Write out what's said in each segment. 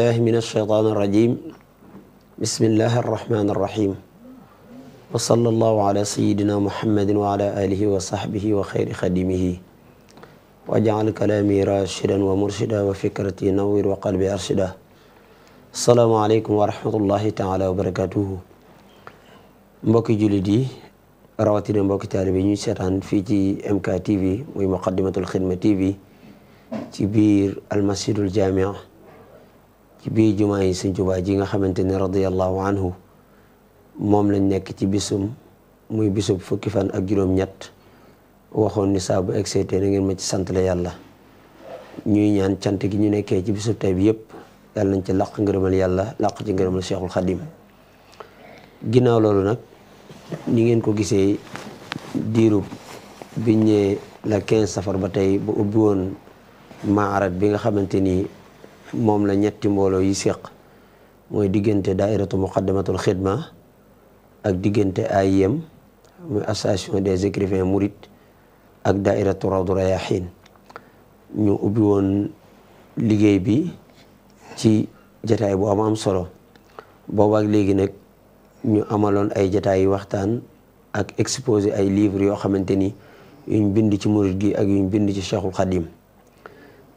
بالله من الشيطان الرجيم بسم الله الرحمن الرحيم وصلى الله على سيدنا محمد وعلى آله وصحبه وخير خدمه واجعل كلامي راشدا ومرشدا وفكرتي نور وقلبي أرشدا السلام عليكم ورحمة الله تعالى وبركاته mbokki jullit yi rawatina mbokki taalibe yi ñuy seetaan fii ci MK TV muy muqaddimatul xidma TV ci biir almasjidul jaamia ci biir jumaa yi Sëñ ji nga xamante ne radiyallahu anhu moom lañ nekk ci bisum muy bisub fukki fan ak juróom-ñett waxoon ni saa bu excité na ngeen ma ci sant yàlla ñuy ñaan cant gi ñu nekkee ci bisub tey bi yëpp yàlla nañ ci làq ngërëmal yàlla làq ci ngërëmal Cheikhul Khadim ginnaaw loolu nag ni ngeen ko gisee diirub biñ ñee la 15 safar ba tey ba ubbi woon maarat bi nga xamante ni moom la ñetti mbooloo yi séq mooy diggante daairatu muqaddamatul xidma ak diggante ay yem muy association des écrivains mourides ak daairatu rawdu rayaxiin ñu ubbi woon liggéey bi ci jataay boo am am solo boo boobaak léegi nag ñu amaloon ay jataay waxtaan ak exposé ay livres yoo xamante ni yuñ bind ci murid gi ak yuñ bind ci cheikhul xadim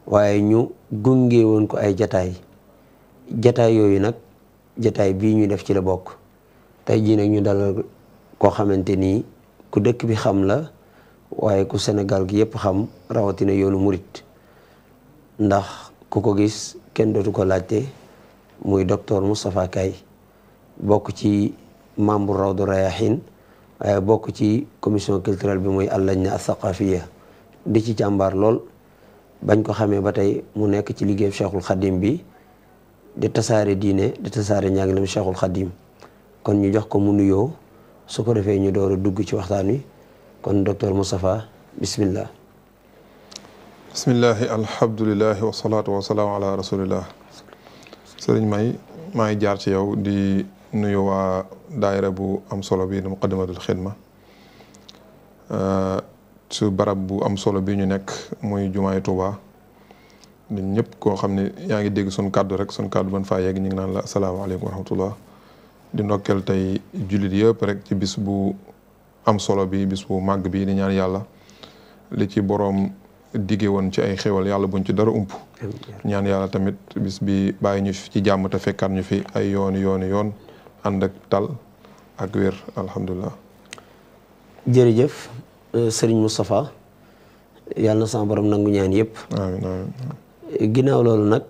waaye ñu gunge woon ko ay jataay jataay yooyu nag jataay bii ñu def ci la bokk tey jii nag ñu dalal koo xamante ni ku dëkk bi xam la waaye ku senegal gi yépp xam rawatina yoonu murit ndax ku ko gis kenn dootu ko laajte muy docteur Moustapha Kay bokk ci membre Rawdu Rayahin waaye bokk ci commission culturelle bi muy àllañ na athaqafiya di ci càmbar lool bañ ko xamee ba tey mu nekk ci liggéey cheikhul xadim bi di tasaare diine di tasaare njàngaleem cheikhul xadim kon ñu jox ko mu nuyoo su ko defee ñu door a dugg ci waxtaan wi kon docteur Moustapha bismillah bismillahi alhamdulilahi wasalaatu wasalaamu ala rasulillah sëriñ ngi jaar ci yow di nuyu waa bu am solo bi nu muqaddamatul xidma su barab bu am solo bi ñu nekk muy yi Tuuba ñun ñëpp koo xam ne yaa ngi dégg sun kàddu rek sun kaddu ban fa yegg ñu ngi naan la asalaamaaleykum wa rahmatullah di ndokkeel tey jullit yëpp rek ci bis bu am solo bi bis bu màgg bi di ñaan yàlla li ci boroom diggee woon ci ay xéwal yàlla buñ ci dara ump ñaan yàlla tamit bis bi bàyyi ñu ci jàmm te fekkaat ñu fi ay yooni yooni yoon ànd ak tal ak wér alhamdulilah Serigne Moustapha yàlla na sama borom nangu ñaan yëpp. ginnaaw loolu nag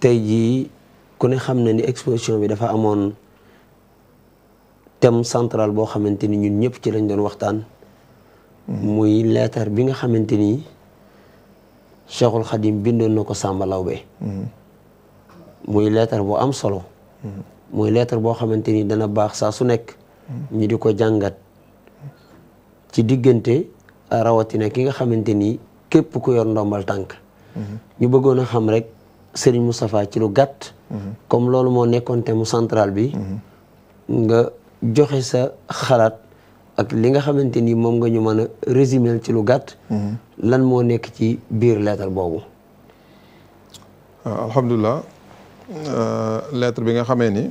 tey jii ku ne xam na ni exposition bi dafa amoon thème central boo xamante ni ñun ñëpp ci lañ doon waxtaan. Hmm. muy leetar bi nga xamante ni Cheikhul Khadim bindoon na ko Samba Lawbe. Hmm. muy leetar boo am solo. Hmm. muy leetar boo xamante ni dana baax saa su nekk. ñu di ko jàngat. ci diggante euh, rawatina ki nga xamante ni képp ku yor ndombal tànk. Mhm. ñu bëggoon a xam rek Serigne Moustapha ci lu gàtt. Mhm. comme loolu moo nekkoon te mu central bi. Mhm. nga joxe sa xalaat ak li nga xamante ni moom nga ñu mën a résumer ci lu gàtt. lan moo nekk ci biir lettre boobu. Ah, alhamdulilah euh, lettre bi nga xamee ni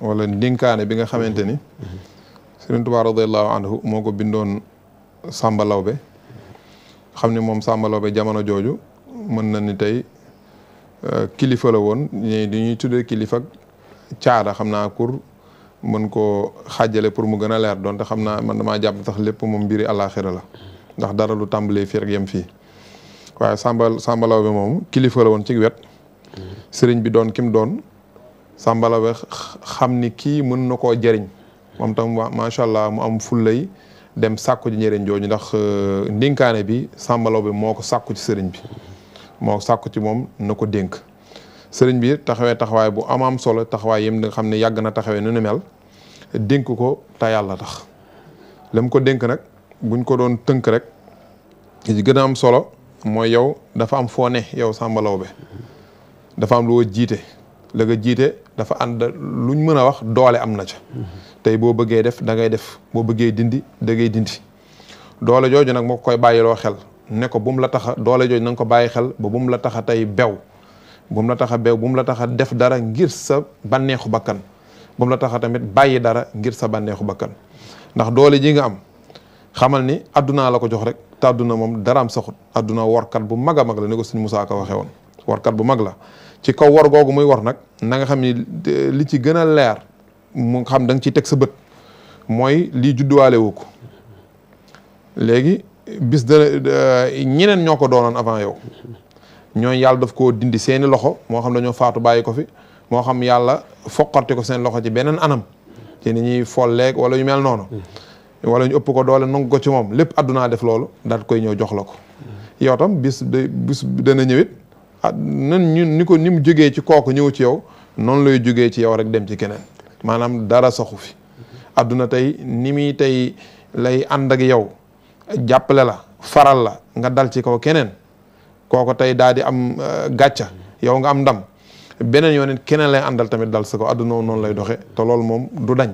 wala ndinkaane bi nga xamante ni. Sëriñ Tuubaa radiyallahu anhu moo ko bindoon Sàmba Lawbe xam ne moom Sàmba Lawbe jamono jooju mën na ni tey euh, kilifa la woon ñi di ñuy tuddee kilifa ak caada xam naa pour mën koo xaajale pour mu gën a leer donte xam naa man damaa jàpp tax lépp moom mbiri àllaaxira la ndax dara lu tàmbalee fii ak yem fii waaye Sàmba Sàmba Lawbe moom kilifa la woon ci wet mm-hmm. sëriñ bi doon kim doon Sàmba Lawbe xam ni kii mën na koo jëriñ moom tam macha allah mu am fullay dem sàkku ji njëriñ jooju ndax euh, ndénkaane bi sàmbalaw bi moo ko sàkku ci sëriñ bi moo sàkku ci moom na ko dénk sëriñ bi taxawee taxawaay bu am am solo taxawaay yém nga xam ne yàgg na taxawee nu ni mel dénk ko te yàlla tax lam ko dénk nag buñ ko doon tënk rek ci gën a am solo mooy yow dafa am foone ne yow sàmbalaw bi dafa am loo jiite la jiite dafa ànd luñ mën a wax doole am na ca tey boo bëggee def da ngay def boo bëggee dindi da ngay dindi doole jooju nag moo koy bàyyiloo xel ne ko bu mu la taxa doole jooju na ko bàyyi xel ba bu mu la taxa tey bew bu mu la taxa bew bu la taxa def dara ngir sa bànneexu bakkan bu la taxa tamit bàyyi dara ngir sa bànneexu bakkan ndax doole ji nga am xamal ni addunaa la ko jox rek te adduna moom dara am saxut adduna warkat bu mag a mag la ni ko suñ Musaa Ka waxee woon warkat bu mag la ci kaw war googu muy war nag nanga xam ni eh, li ci gën a leer mu xam da nga ciy teg sa bët mooy li judduwaale woo ko léegi bis da euh, ñeneen ñoo ko doonoon avant yow ñooñu yàlla daf koo dindi seeni loxo moo xam dañoo faatu bàyyi ko fi moo xam yàlla foqarte ko seen loxo ci beneen anam ci ni ñuy folleeg wala ñu mel noonu wala ñu ëpp ko doole nangu ko ci moom lépp àddunaa def loolu daat koy ñëw jox la ko yow tam bis da bis dana ñëwit ah nan ñun ni ko ni mu jógee ci kooku ñëw ci yow noonu lay jógee ci yow rek dem ci keneen maanaam dara saxu fi adduna tey ni muy tey lay ànd ak yow jàppale la faral la nga dal ci kaw keneen kooko tey daal di am euh, gàcca yow nga am ndam beneen yoon it keneen lay àndal tamit dal sa ko adduna noonu lay doxe te loolu moom du dañ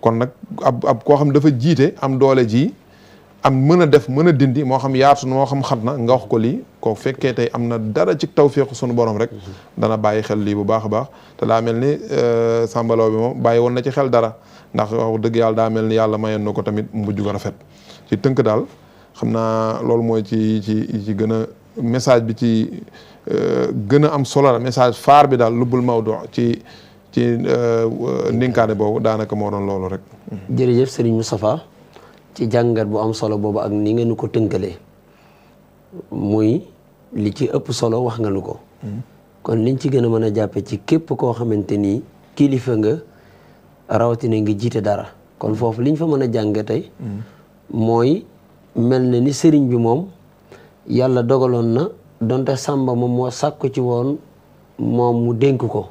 kon nag ab ab koo xam dafa jiite am doole ji am mën a def mën a dindi moo xam yaatu moo xam xat na nga wax ko lii ko fekkee tey am na dara ci tawféexu sunu borom rek dana bàyyi xel lii bu baax a baax te daa mel ni euh, sàmbaloo bi moom bàyyi woon na ci xel dara ndax wax dëgg yàlla daa mel ni yàlla mayoon na ko tamit mujj gu rafet ci tënk daal xam naa loolu mooy ci ci ci gën a message bi ci euh, gën a am solo la message phare bi daal lubbul mawdu ci ci euh, ndinkaane boobu daanaka moo doon loolu rek ci jàngat bu am solo boobu ak ni ngeenu ko tënkalee muy li ci ëpp solo wax nga nu ko mm-hmm. kon liñ ci gën a mën a jàppe ci képp koo xamante nii kilifa nga rawatina ngi jiite dara kon mm-hmm. foofu liñ fa mën a jàngate mm-hmm. mooy mel na ni sëriñ bi moom yàlla dogaloon na donte sàmba moom moo sàkku ci woon moom mu dénk ko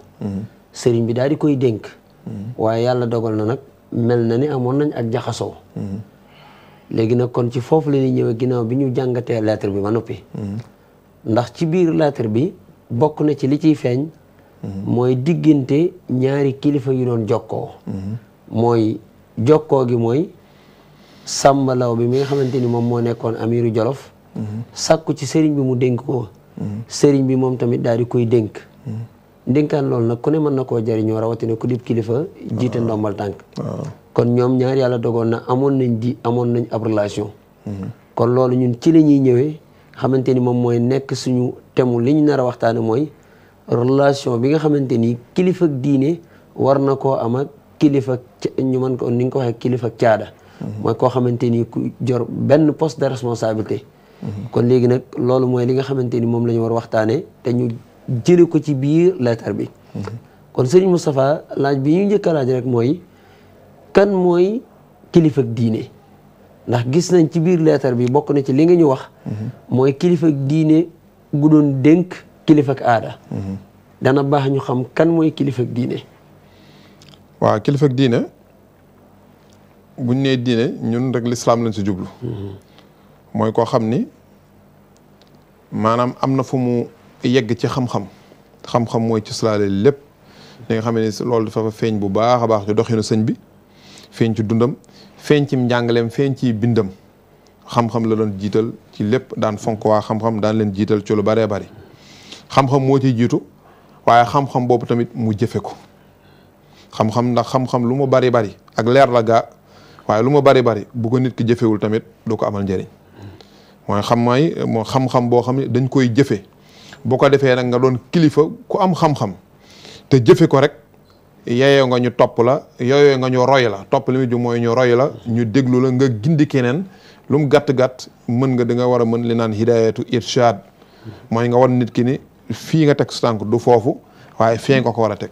sëriñ bi daal di koy dénk waaye yàlla dogal na nag mel na ni amoon nañ ak jaxasoo léegi nag kon ci foofu la ñuy ñëwee ginnaaw bi ñu jàngatee lettre bi ba noppi. ndax ci biir lettre bi bokk na ci li ciy feeñ. mooy diggante ñaari kilifa yu doon jokkoo. mooy jokkoo gi mooy Samba Law bi mi nga xamante ni moom moo nekkoon Amiru Jolof. sàkku ci sëriñ bi mu dénk ko. sëriñ bi moom tamit daal di koy dénk. ndénkaan loolu nag ku ne mën na koo jëriñoo rawatina ku dib kilifa jiite ah. ndombal tànk. Ah. kon ñoom ñaar yàlla dogoon na amoon nañ di amoon nañu ab relation kon loolu ñun ci la ñuy ñëwee xamante ni moom mooy nekk suñu temu li ñu nar a waxtaane mooy relation bi nga xamante ni kilifa diine war na koo am kilifa ñu mën ko ni nga ko waxee kilifa caada mm-hmm. mooy koo xamante ni ku jor benn post de responsabilité mm-hmm. kon léegi nag loolu mooy li nga xamante ni moom lañu ñu war waxtaane te ñu jële ko ci biir leetar bi mm-hmm. kon sëriñ Moustapha laaj bi ñu njëkk a rek mooy kan mooy kilifa diine ndax gis nañ ci biir leetar bi bokk na ci li nga ñu wax mooy kilifa diine gu doon dénk kilifa ak aada dana baax ñu xam kan mooy kilifa diine waaw kilifa diine buñ ne diine ñun rek lislaam lañ si jublu mooy koo xam ni maanaam am na fu mu yegg ci xam-xam xam-xam mooy ci slaale lépp li nga xam ne loolu dafa feeñ bu baax a baax ci doxinu sëñ bi feeñ dundam feeñ ci feeñ ci bindam xam-xam la doon jiital ci lépp daan fonk waa xam-xam daan leen jiital ci lu bëree bëri xam-xam moo ci jiitu waaye xam-xam boobu tamit mu jëfe ko xam-xam ndax xam lu ma bari bari ak leer waaye lu mu bari bari bu nit ki jëfewul tamit du ko amal njëriñ mooy xam may moo xam boo xam ne dañ koy jëfe boo ko defee nag nga doon kilifa ku am xam-xam te jëfe ko rek yeyoo nga ñu topp la yeyoo nga ñu roy la topp li muy ju mooy ñu roy la ñu déglu la nga gindi keneen lu mu gàtt-gàtt mën nga di nga war a mën li naan hidayatu irshad mooy nga wan nit ki ni fii nga teg sa tànk du foofu waaye fee nga ko war a teg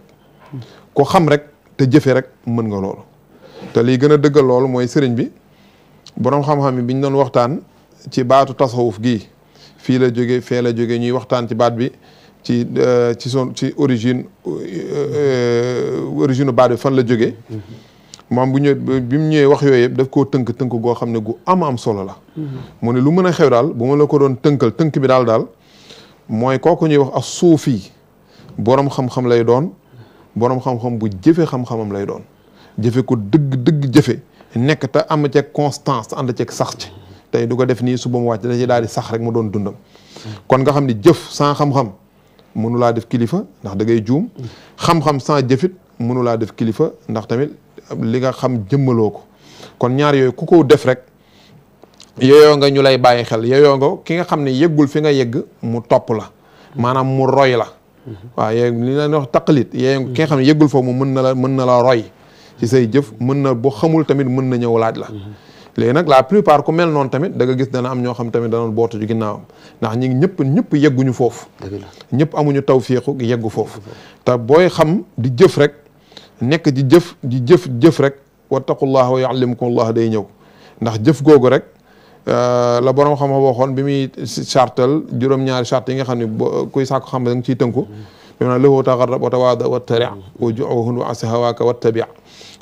ku xam rek te jëfe rek mën nga lool te lii gën a dëggal loolu mooy sëriñ bi boroom xam-xam bi ñu doon waxtaan ci baatu tasawuf gi fii la jóge fee la jóge ñuy waxtaan ci baat bi ci euh, ci son ci origine euh, origine baat bi fan la jóge moom bu ñëwee bi mu ñëwee wax yooyu yëpp daf koo tënk tënk goo xam ne gu am am solo la mu ne lu mën a xew daal bu ma la ko doon tënkal tënk bi daal daal mooy kooku ñuy wax as suufi boroom xam-xam lay doon boroom xam-xam bu jëfee xam-xamam lay doon jëfe ko dëgg dëgg jëfe nekk te am ceeg constance ànd ceeg sax ci tey du ko def nii suba mu wàcc da ci daal di sax rek mu doon dundam kon nga xam ni jëf san xam-xam mënulaa def kilifa ndax da juum xam-xam sans jëfit mënulaa def kilifa ndax tamit li nga xam jëmmaloo ko kon ñaar yooyu ku ko def rek yooyoo nga ñu lay bàyyi xel yooyoo nga ki nga xam ne yëggul fi nga yëgg mu topp la maanaam mu roy la waaw leen wax taqalit yooyu ki nga xam ne yëggul mu mën na la mën na la roy ci say jëf mën na boo xamul tamit mën na ñëw laaj la léegi nag la plupart ku mel noonu tamit da nga gis dana am ñoo xam tamit dana bootu ci ginnaawam ndax ñi ñëpp ñëpp yegguñu foofu ñëpp amuñu tawfiixu yeggu foofu te booy xam di jëf rek nekk di jëf di jëf jëf rek wattaqullaha wa yuallimukumullah day ñëw ndax jëf googu rek euh, la borom xam xam waxoon bi muy chartal juróom-ñaari charte yi nga xam ne kuy saako xam da nga ciy tënku mm-hmm. bi mu naan lahu tagarrab wa tawaada wa taria wa juuhun tabia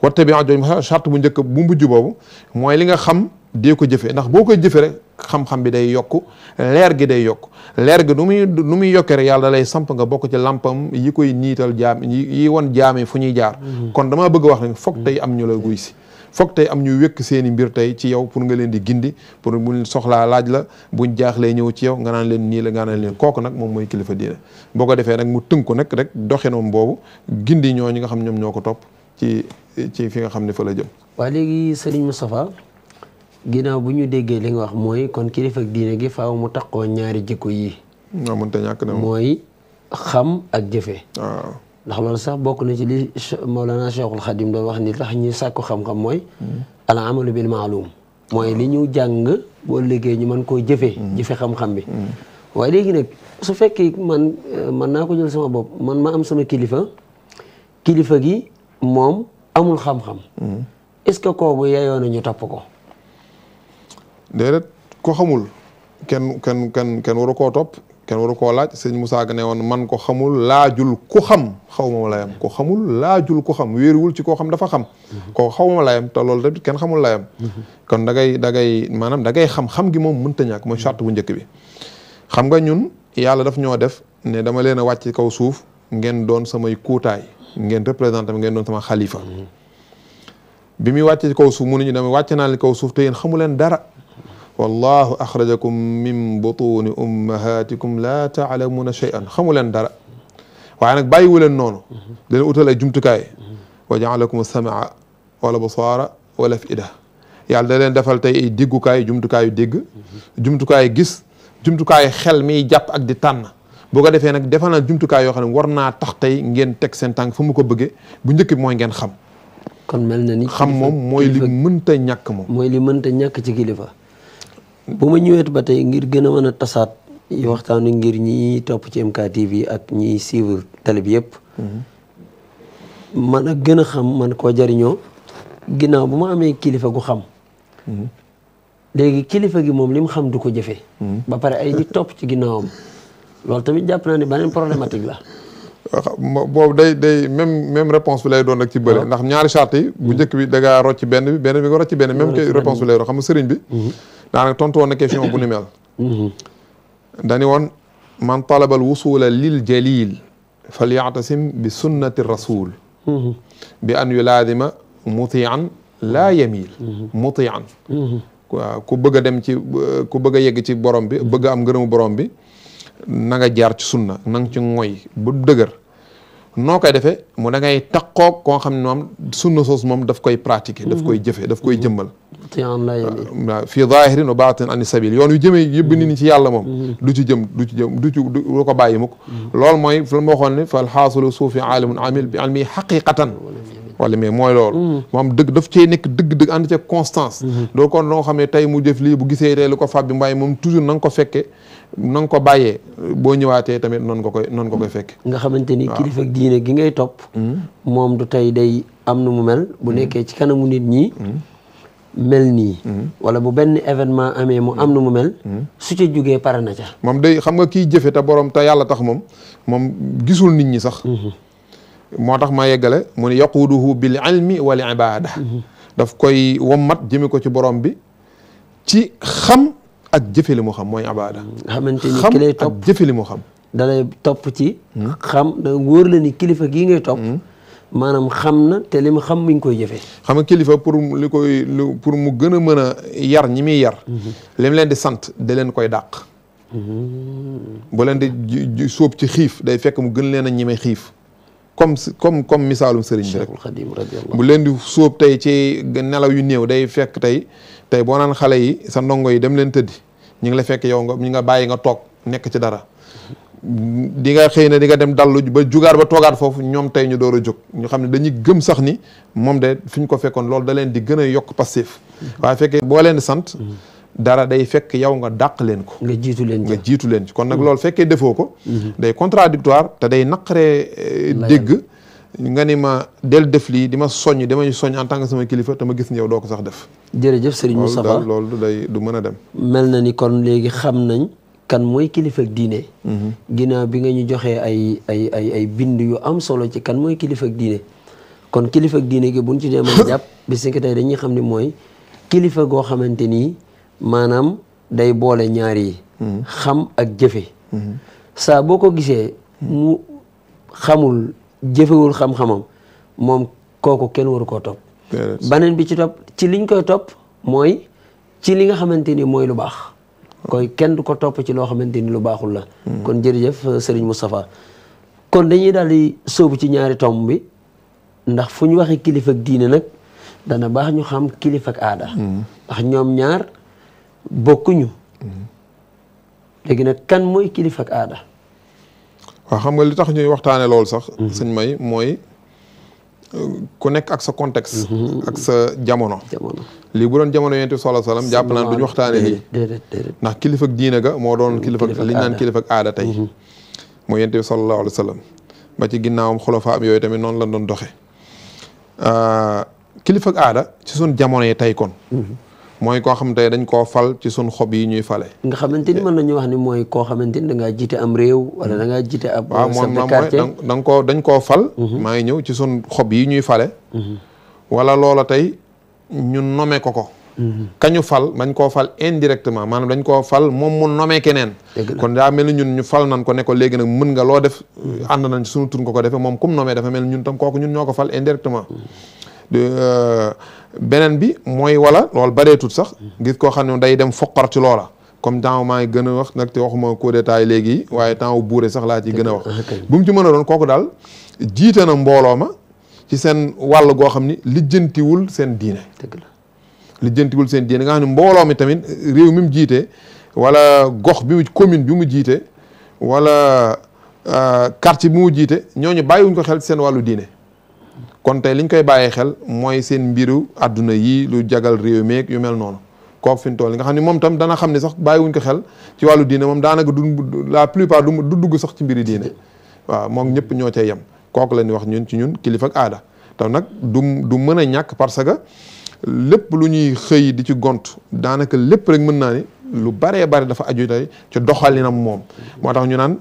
watte bi jooju charte bu njëkk bu mujj boobu mooy li nga xam dee ko jëfee ndax boo koy jëfee rek xam-xam bi day yokk leer gi day yokk leer gi nu muy nu muy yokkee rek yàlla lay samp nga bokk ci lampam yi koy niital jaam yi won jaamee fu ñuy jaar mhm. kon damaa bëgg wax ne foog mhm. tey am ñu la guy si foog tey am ñu wékk seen i mbir tey ci yow pour nga leen di gindi pour buñ soxlaa laaj la buñ jaaxlee ñëw ci yow nga naan leen nii la nga naan leen kooku nag moom mooy kilifa diine boo ko defee nag mu tënku nag rek doxinoom boobu gindi ñoo ñi nga xam ñoom ñoo ko topp ci ci fi nga xam ne fa la jëm. waa léegi Serigne Moustapha ginnaaw bu ñu déggee li wax mooy kon kilifa ak diine gi faaw mu taqoo ñaari jikko yi. waaw mënut a na mooy xam ak jëfe ndax loolu sax bokk na ci li Mawlana Cheikhul Khadim doon wax ni tax ñuy sàkku xam-xam mooy. Hmm. al amalu bil maalum. mooy li ñu jàng boo liggéey ñu mën koo jëfee. Hmm. jëfe xam-xam bi. Hmm. waaye léegi nag su fekkee man naa ko jël sama bopp man ma am sama kilifa kilifa gi. moom amul xam-xam. est-ce que ñu topp ko. déedéet ko xamul kenn kenn kenn kenn waru koo topp kenn waru koo laaj sëñ Moussa Ka ne woon man ko xamul laajul ku xam xaw ma layam ko xamul laajul ku xam wéeruwul ci koo xam dafa xam. Mhm. koo xaw ma layam te loolu tamit kenn xamul layam. Mhm. kon da dagay da ngay maanaam da ngay xam xam gi moom mënta ñàkk mooy charte bu njëkk bi. xam nga ñun yàlla daf ñoo def ne dama leen a wàcc kaw suuf ngeen doon samay kuutaay. ngeen représenté am ngeen doon sama xalifa mm-hmm. bi muy wàcce ci kaw suuf mu ne ñu dama wàcc naa leen kaw suuf te xamu leen dara wallahu axrajakum min butuni ummahatikum laa taalamuna shay'an xamu leen dara waaye nag bàyyiwu leen noonu mm-hmm. da leen utal ay jumtukaay mm-hmm. wa jaalakum samaa wala basaara wala afida yàlla da leen defal tey ay déggukaay jumtukaayu dégg jumtukaayu gis jumtukaayu xel miy jàpp ak di tànn boo ko defee nag defal na jumtukaay yoo xam ne war naa tax tey ngeen teg seen tànk fu mu ko bëggee bu njëkk mooy ngeen xam. kon mel na ni. xam moom mooy ñàkk moom. mooy li mënta ñàkk ci kilifa. bu ma ñëwee ba tey ngir gën a mën a tasaat waxtaanu ngir ñi topp ci MKTV ak ñiy suivre télé bi yëpp. Mm-hmm. man a gën a xam man koo jariñoo ginnaaw bu ma amee kilifa gu xam. Mm-hmm. léegi kilifa gi moom lim xam du ko jëfee. Mm-hmm. ba pare ay nit topp ci ginnaawam. loolu tamit jàpp naa ni beneen problématique la. boobu day day même même réponse lay doon rek ci bële ah. ndax ñaari charte bu njëkk bi da ngaa benn bi benn bi nga rocc benn même que réponse bi lay doon xam nga bi mhm. daanaka tontu woon na question bu ni mel mhm. dañu woon man talabal wusula lil jalil fal yactasim bi sunnati rasul mhm. bi an yulaadima mutian laa yamiil mutian waaw ku bëgg a dem ci ku bëgg a ci borom bi bëgg am ngërëmu borom bi na nga jaar ci sunna na nga ci ngoy bu dëgër noo koy defee mu da ngay taqoog koo xam ne moom sunna soos moom daf koy pratiquer daf koy mhm. jëfe daf koy mhm. jëmmal waaw fii zahirin wa baatin ani sabil yoon yu jëmee yëbb nit ñi ci yàlla moom mhm. du ci jëm du ci jëm du ci du ko bàyyi mukk loolu mooy la ma waxoon ne fal xaasulu suufi aalimun amil bi almi xaqiqatan wala mais mooy loolu moom dëgg daf cee nekk dëgg-dëgg ànd ci constance doo kon loo xam ne tey mu jëf lii bu gisee tey lu ko fàbbi mbaay moom toujours na nga ko fekke noonu ko bàyyee boo ñëwaatee tamit noonu ko koy noonu ko koy fekk. nga xamante ni kilifa ak diine gi ngay topp. Hmm. moom du tey day am na mu mel. bu hmm. nekkee ci kanamu nit ñi. Hmm. mel nii. wala bu benn événement amee mu am na mu mel. su ca jógee pare na ca. moom day xam nga kiy jëfe te borom te yàlla tax moom moom gisul nit ñi sax. moo tax ma yeggale mu ne yaquuduhu bil ilmi wal ibaada daf koy wommat jëme ko ci boroom bi ci xam. ak jëfe li mu xam mooy abaada. xamante ni ki lay topp xam jëfe li mu xam. da topp ci. Hmm? xam da wóor la ni kilifa gii ngay topp. Hmm? maanaam xam na te li mu xam mi ngi koy jëfee. xam nga kilifa pour li koy pour mu gën a mën a yar ñi muy yar. Hmm. li leen di sant da leen koy dàq. bu leen di sóob ci xiif day fekk mu gën leen a ñime xiif. comme comme comme misaalum sëriñ bi rek bu leen di sóob tey ci nelaw yu néew day fekk tey tey boo naan xale yi sa ndongo yi dem leen tëddi ñu ngi la fekk yow nga ñu nga bàyyi nga toog nekk ci dara di nga xëy na di nga dem dallu ba jugaar ba toogaat foofu ñoom tey ñu door a jóg ñu xam ne dañuy gëm sax ni moom de fi ñu ko fekkoon loolu da leen di gën a yokk passif mm-hmm. waaye fekkee boo leen di sant mm-hmm. dara day fekk yow nga dàq leen ko nga jiitu leen nga jiitu leen ci kon nag mm. loolu fekkee defoo ko mm-hmm. day contradictoire te day naqaree euh, dégg nga ni ma del def lii di ma soññ dama ñu soññ en tant sama kilifa te ma gis ne yow doo ko sax def jërëjëf Serigne Moustapha loolu du day du mën a dem mel na ni kon léegi xam nañ kan mooy kilifa diine mm-hmm. ginnaaw bi nga ñu joxee ay ay ay ay bind yu am solo ci kan mooy kilifa ak kon kilifa ak diine gi buñ ci demee jàpp bis dañuy xam ne mooy kilifa goo xamante nii maanaam day boole ñaari xam ak jëfe saa boo ko gisee mu xamul jëfewul xam-xamam moom kooku kenn waru koo topp baneen bi ci topp ci liñ koy topp mooy ci li nga xamante ni mooy lu baax koy kenn du ko topp ci loo xamante ni lu baaxul la kon jërëjëf euh, Serigne Moustapha kon dañuy daal di sóobu ci ñaari tomb bi ndax fu ñu waxee kilifa diine nag dana baax ñu xam kilifa ak aada hmm. ndax ñoom ñaar bokkuñu. léegi nag kan mooy kilifa ak aada. waaw xam nga li tax ñuy waxtaane loolu sax. Mhm. sëñ may mooy euh, ku nekk ak sa contexte. Mhm. ak sa jamono. lii bu doon jamono yonent bi sallallahu alayhi jàpp naan duñu waxtaane lii. ndax kilifa ak diine ga moo doon. kilifa ak li ñu naan kilifa ak aada tey. Mhm. mooy yonent bi sallallahu alayhi wasallam ba ci ginnaawam xulafaa am yooyu tamit noonu la doon doxe euh, kilifa ak ci suñ jamono yi tey kon. mooy koo xam te dañ koo fal ci suñ xob yi ñuy fale nga xamante ni mën nañu wax ni mooy koo xamante ni da ngaa jiite am réew wala da ngaa jiite ab waaw moom mooy da koo dañ koo fal mhm. maa ngi ñëw ci suñ xob yi ñuy fale mhm. wala loola tey ñun nome ko ko mhm. kañu fal dañ koo fal indirectement maanaam dañ koo fal moom mu nome keneen kon daa mel ni ñun ñu fal nan ko nekko ko léegi nag mën nga loo def ànd nañ ci suñu tur nga ko defee moom kum nomee dafa mel ni ñun tam kooku ñun ñoo ko fal indirectement Euh, beneen bi mooy wala loolu bareetut sax ngir koo xam ne day dem foq ci loola comme temps maa ngi gën a wax nag te waxuma ko détail léegi waaye temps buure sax laa ci gën a wax bu mu ci mën a doon kooku daal jiite na mbooloo ma ci seen wàll goo xam ni lijjantiwul seen diine seen diine ne mbooloo mi tamit réew mi mu jiite wala gox bi mu commune bi mu jiite wala euh, quartier bi mu jiite ñooñu bàyyiwuñ ko xel seen wàllu diine kon tey li ñu koy bàyyee xel mooy seen mbiru àdduna yi lu jagal réew meeg yu mel noonu kook fi mu toll nga xam ne moom tam dana xam ne sax bàyyiwuñ ko xel ci wàllu diine moom daanaka du la plupart du dugg sax ci mbiri diine waaw moom ñëpp ñoo cay yem kooku la ñuy wax ñun ci ñun kilifa aada te nag du du mën a ñàkk parce que lépp lu ñuy xëy di ci gont daanaka lépp rek mën naa ni lu baree bare dafa aju tey ci doxalinam moom moo tax ñu naan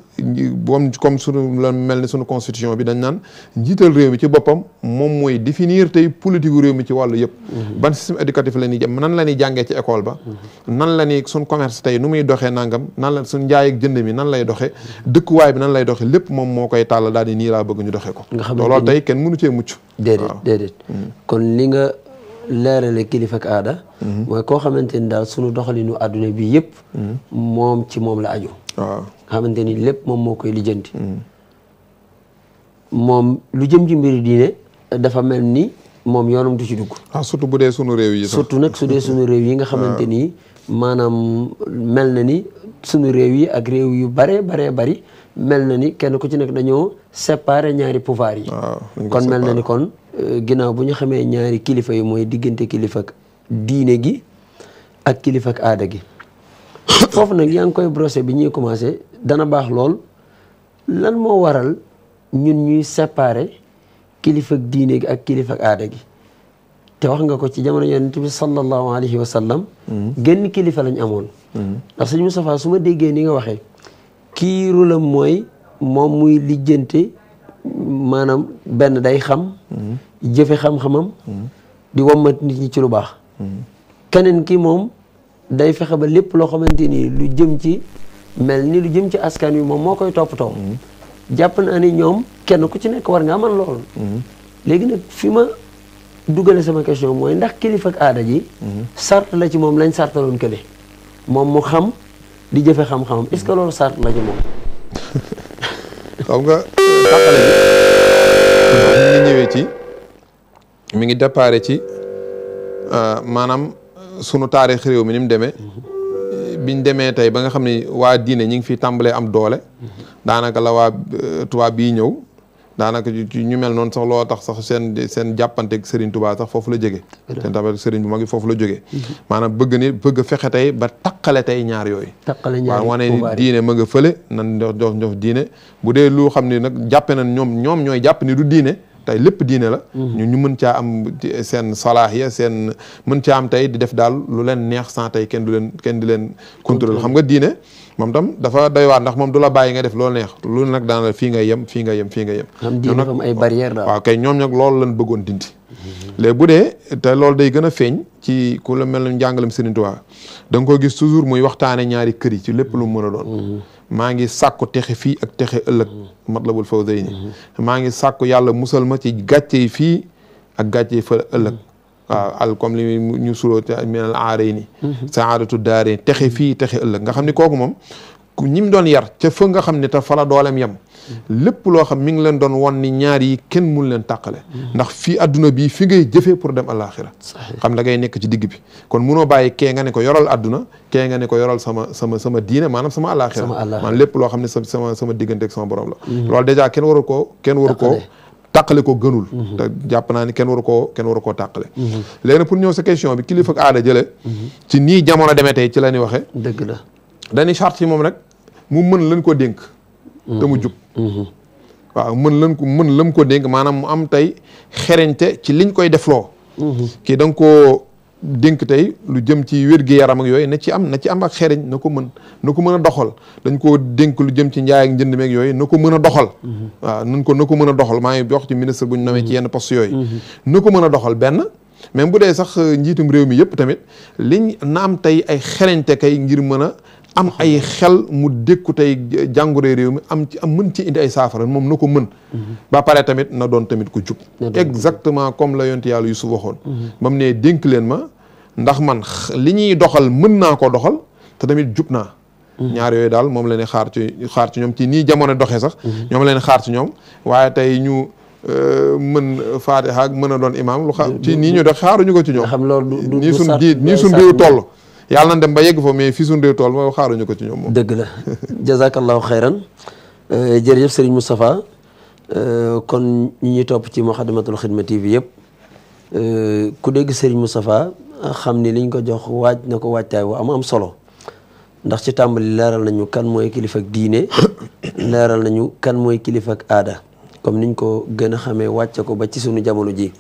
boom comme su la mel ni sunu constitution bi dañ naan njiital réew mi ci boppam moom mooy définir tey politique réew mi ci wàllu yëpp mhm. ban système éducatif la ñuy jëm nan la ñuy jàngee ci école ba mhm. nan la ñuy suñ commerce tey nu muy doxee nangam nan la suñ njaay ak jënd mi nan lay doxee dëkkuwaay bi nan lay doxee lépp moom moo koy tàll daal di nii laa bëgg ñu doxee ko loolu tey kenn mënu cee mucc déedéet déedéet mhm. kon li nga leerale kilifak ak aada. Mhm. mooy koo xamante ni daal sunu doxalinu àdduna bi yëpp. Mhm. moom ci moom la ajo nga xamante ni lépp moom moo koy lijjanti. Mhm. moom lu jëm ci mbiri diine dafa mel ni moom yoonam du ci dugg. ah surtout bu dee sunu réew yi. surtout nag su dee sunu réew yi nga xamante ni maanaam mel na ni sunu réew yi ak réew yu bare bare bari mel na ni kenn ku ci nekk dañoo séparer ñaari pouvoir yi. kon mel na ni kon. Euh, ginnaaw bu ñu xamee ñaari kilifa yi mooy diggante kilifa diine gi ak kilifa aada gi foofu nag yaa ngi koy brosser bi ñuy commencé dana baax lool lan moo waral ñun ñuy séparer kilifa diine gi ak kilifa aada gi te wax nga ko ci jamono yonent bi sallallahu alayhi wa mm-hmm. kilifa lañ amoon mm-hmm. ndax sëñ déggee ni nga waxee kii rulam mooy moom muy lijjante maanaam benn day xam. jëfe xam-xamam. di wommat nit ñi ci lu baax. keneen ki moom day fexe ba lépp loo xamante ni lu jëm ci mel ni lu jëm ci askan wi moom moo koy toppatoo. jàpp naa ni ñoom kenn ku ci nekk war nga man loolu. léegi nag fi ma dugale sama question mooy ndax kilifa ak aada ji. sart la ci moom lañ sartaloon kële. moom mu xam di jëfe xam-xamam est-ce que loolu sart la ci moom. xam nga. tàqale bi mi ngi ñëwee ci mi ngi déparé ci euh, maanaam sunu taarix réew mi ni mu demee mhm. biñ demee tey ba nga xam ne waa diine ñi ngi fi tàmbalee am doole mhm. daanaka la waa euh, tubaab bii ñëw daanaka ci ñu mel noonu sax loo tax sax seen seen jàppante ak Serigne Touba sax foofu la jóge seen tamit Serigne bu mag foofu la jógee mhm. maanaam bëgg ni bëgg fexe tey ba taqale tey ñaar yooyu waaw wane ni diine ma nga fële nan ndox ndox ndox diine bu dee lu xam ne nag jàppe nañ ñoom ñoom ñooy jàpp ni du diine tey lépp diine la mhm. ñu ñu mën caa am seen salaax ya seen mën caa am tey di def daal lu leen neex sans kenn du leen kenn di leen contrôle xam nga diine moom tam dafa doy ndax moom du la bàyyi nga def loolu neex loolu nag daan la fii nga yem fii nga yem fii nga yem. ñoom am ay barrières daal. waaw kay ñoom nag loolu lan bëggoon dindi. Mhm. léegi bu dee te loolu day gën a feeñ ci ku la mel ni njàngalam Serigne Touba da nga ko gis toujours muy waxtaane ñaari kër yi ci lépp lu mën a doon. Mhm. maa ngi sàkku texe fii ak texe ëllëg mhm. Matlabul Fawzayni maa ngi sàkku yàlla musal ma ci gàcce yi fii ak gàcce yi fa ëllëg waaw al comme li ñu suroo minal aarey ni mhm. saadatu daarey fii texe ëllëg nga xam ni kooku moom ñi mu doon yar ca nga xam ne te fala dooleem yem mhm. lépp loo xam mi ngi leen doon won ni ñaar yi kenn mun leen tàqale mhm. ndax fii adduna bii fi jëfee pour dem alaxira xam da ngay nekk ci digg bi kon munoo bàyyi kee nga ne ko yoral adduna kee nga ne ko yoral sama sama sama diine maanaam sama alaxira lépp loo xam ne sama sama diggante ak sama borom la loolu waru koo kenn waru koo tàqale ko gënul mhm. te jàpp naa ni kenn waru koo kenn waru koo tàqale mhm. léegi nag pour ñëw sa question bi kilifa ak aada jële mhm. ci nii jamono demee tey ci la ñuy waxee dëgg la dañuy charte yi moom rek mu mën lañ ko dénk te mu jub waaw mën lañ ko mën lam ko dénk maanaam mu am tey xereñte ci liñ koy def loo da nga koo dénk tey lu jëm ci wér-gi-yaram ak yooyu na ci am na ci am ak xereñ na ko mën na ko mën a doxal dañ koo dénk lu jëm ci njaay ak njënd meeg yooyu na ko mën a doxal mm-hmm. waaw nan ko na ko mën a doxal maa ngi wax ci ministre bu ñu nawee mm-hmm. ci yenn poste yooyu mm-hmm. ko mën a doxal benn même bu dee sax euh, njiitum réew mi yëpp tamit liñ na am tey ay xereñte kay ngir mën a am ay xel mu dékku tey jàngoree réew mi am ci am mën ci indi ay saafara moom na ko mën ba pare tamit na doon tamit ku jub exactement comme la yonent yàlla Yuusuf waxoon ba ne dénk leen ma ndax man li ñuy doxal mën naa ko doxal te tamit jub naa mm-hmm. ñaar yooyu daal moom la ne xaar ci xaar ñoom ci nii jamono doxee sax mm-hmm. ñoom leen xaar ci ñoom waaye tey ñu euh, mën faatiha ak mën a doon imaam lu xa nii ñu dox xaaruñu ko ci ñoom xam loolu nii suñ diit nii suñ réew yàlla dem ba yegg fa mais fii suñ réew toll moom xaaruñu ko ci ñoom moom dëgg la jazakallahu xayran euh, jërëjëf Serigne Moustapha euh, kon ñu ñuy topp ci Moukhaddamatoul Khidma TV yëpp ku dégg Serigne Moustapha xam ni liñ ko jox waaj na ko waajtaay bu am am solo ndax ci tàmbali leeral nañu kan mooy kilifa diine leeral nañu kan mooy kilifa ak aada comme niñ ko gën a xamee wàcce ko ba ci suñu jamono ji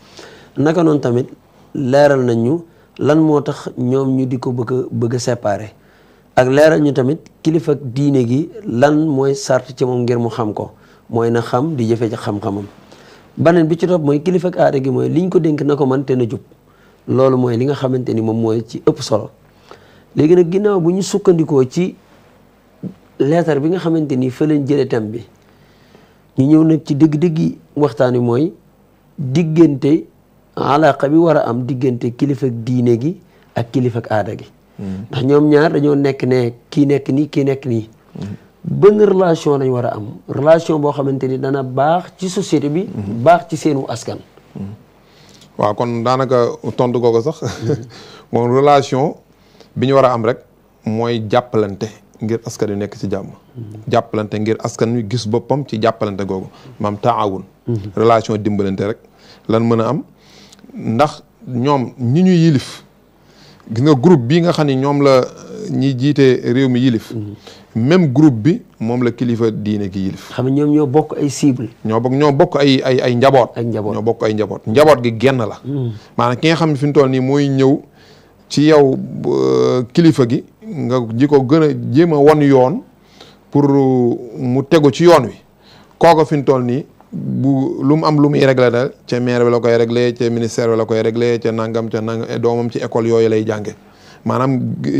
naka noonu tamit leeral nañu lan moo tax ñoom ñu di ko bëgg a bëgg a ak leeral ñu tamit kilifa diine gi lan mooy sart ci moom ngir mu xam ko mooy na xam di jëfe ci xam-xamam beneen bi ci topp mooy kilifa ak aada gi mooy liñ ko dénk na ko man te na jub loolu mooy li nga xamante ni moom mooy ci ëpp solo léegi nag ginnaaw bu ñu sukkandikoo ci leetar bi nga xamante ni fa leen bi ñu ñëw nag ci dëgg-dëggi waxtaan wi mooy diggante alaqa bi war a am diggante kilifa ak diine gi ak kilifa aada gi. Hmm. ndax ñoom ñaar dañoo nekk ne kii nekk nii kii nekk nii. Hmm. benn relation lañ war a am relation boo xamante ni dana baax ci société bi. Hmm. baax ci seenu askan. waaw kon daanaka tontu googu sax moom relation bi ñu war a am rek mooy jàppalante ngir aska wi nekk ci jàmm. Mhm. jàppalante ngir askan wi gis boppam ci jàppalante googu maam taawun mhm. relation dimbalante rek lan mën a am ndax ñoom ñi ñu yilif gis nga groupe bii nga xam ni ñoom la ñi jiite réew mi yilif mhm. même groupe bi moom la kilifa diine ki yilif xam ñoom ñoo bokk ay cible ñoo bokk ñoo bokk ay ay ay njaboot ay njaboot bokk ay njaboot njaboot gi genn la hmm. maanaam ki nga xam ne fi mu toll nii mooy ñëw ci yow euh, kilifa gi nga ji ko gën jéem a won yoon pour mu tegu ci yoon wi kooku fi mu toll nii bu am lu muy réglé daal ca maire bi la koy réglé ca ministère bi la koy réglé ca nangam ca nangam doomam ci école yooyu lay jànge maanaam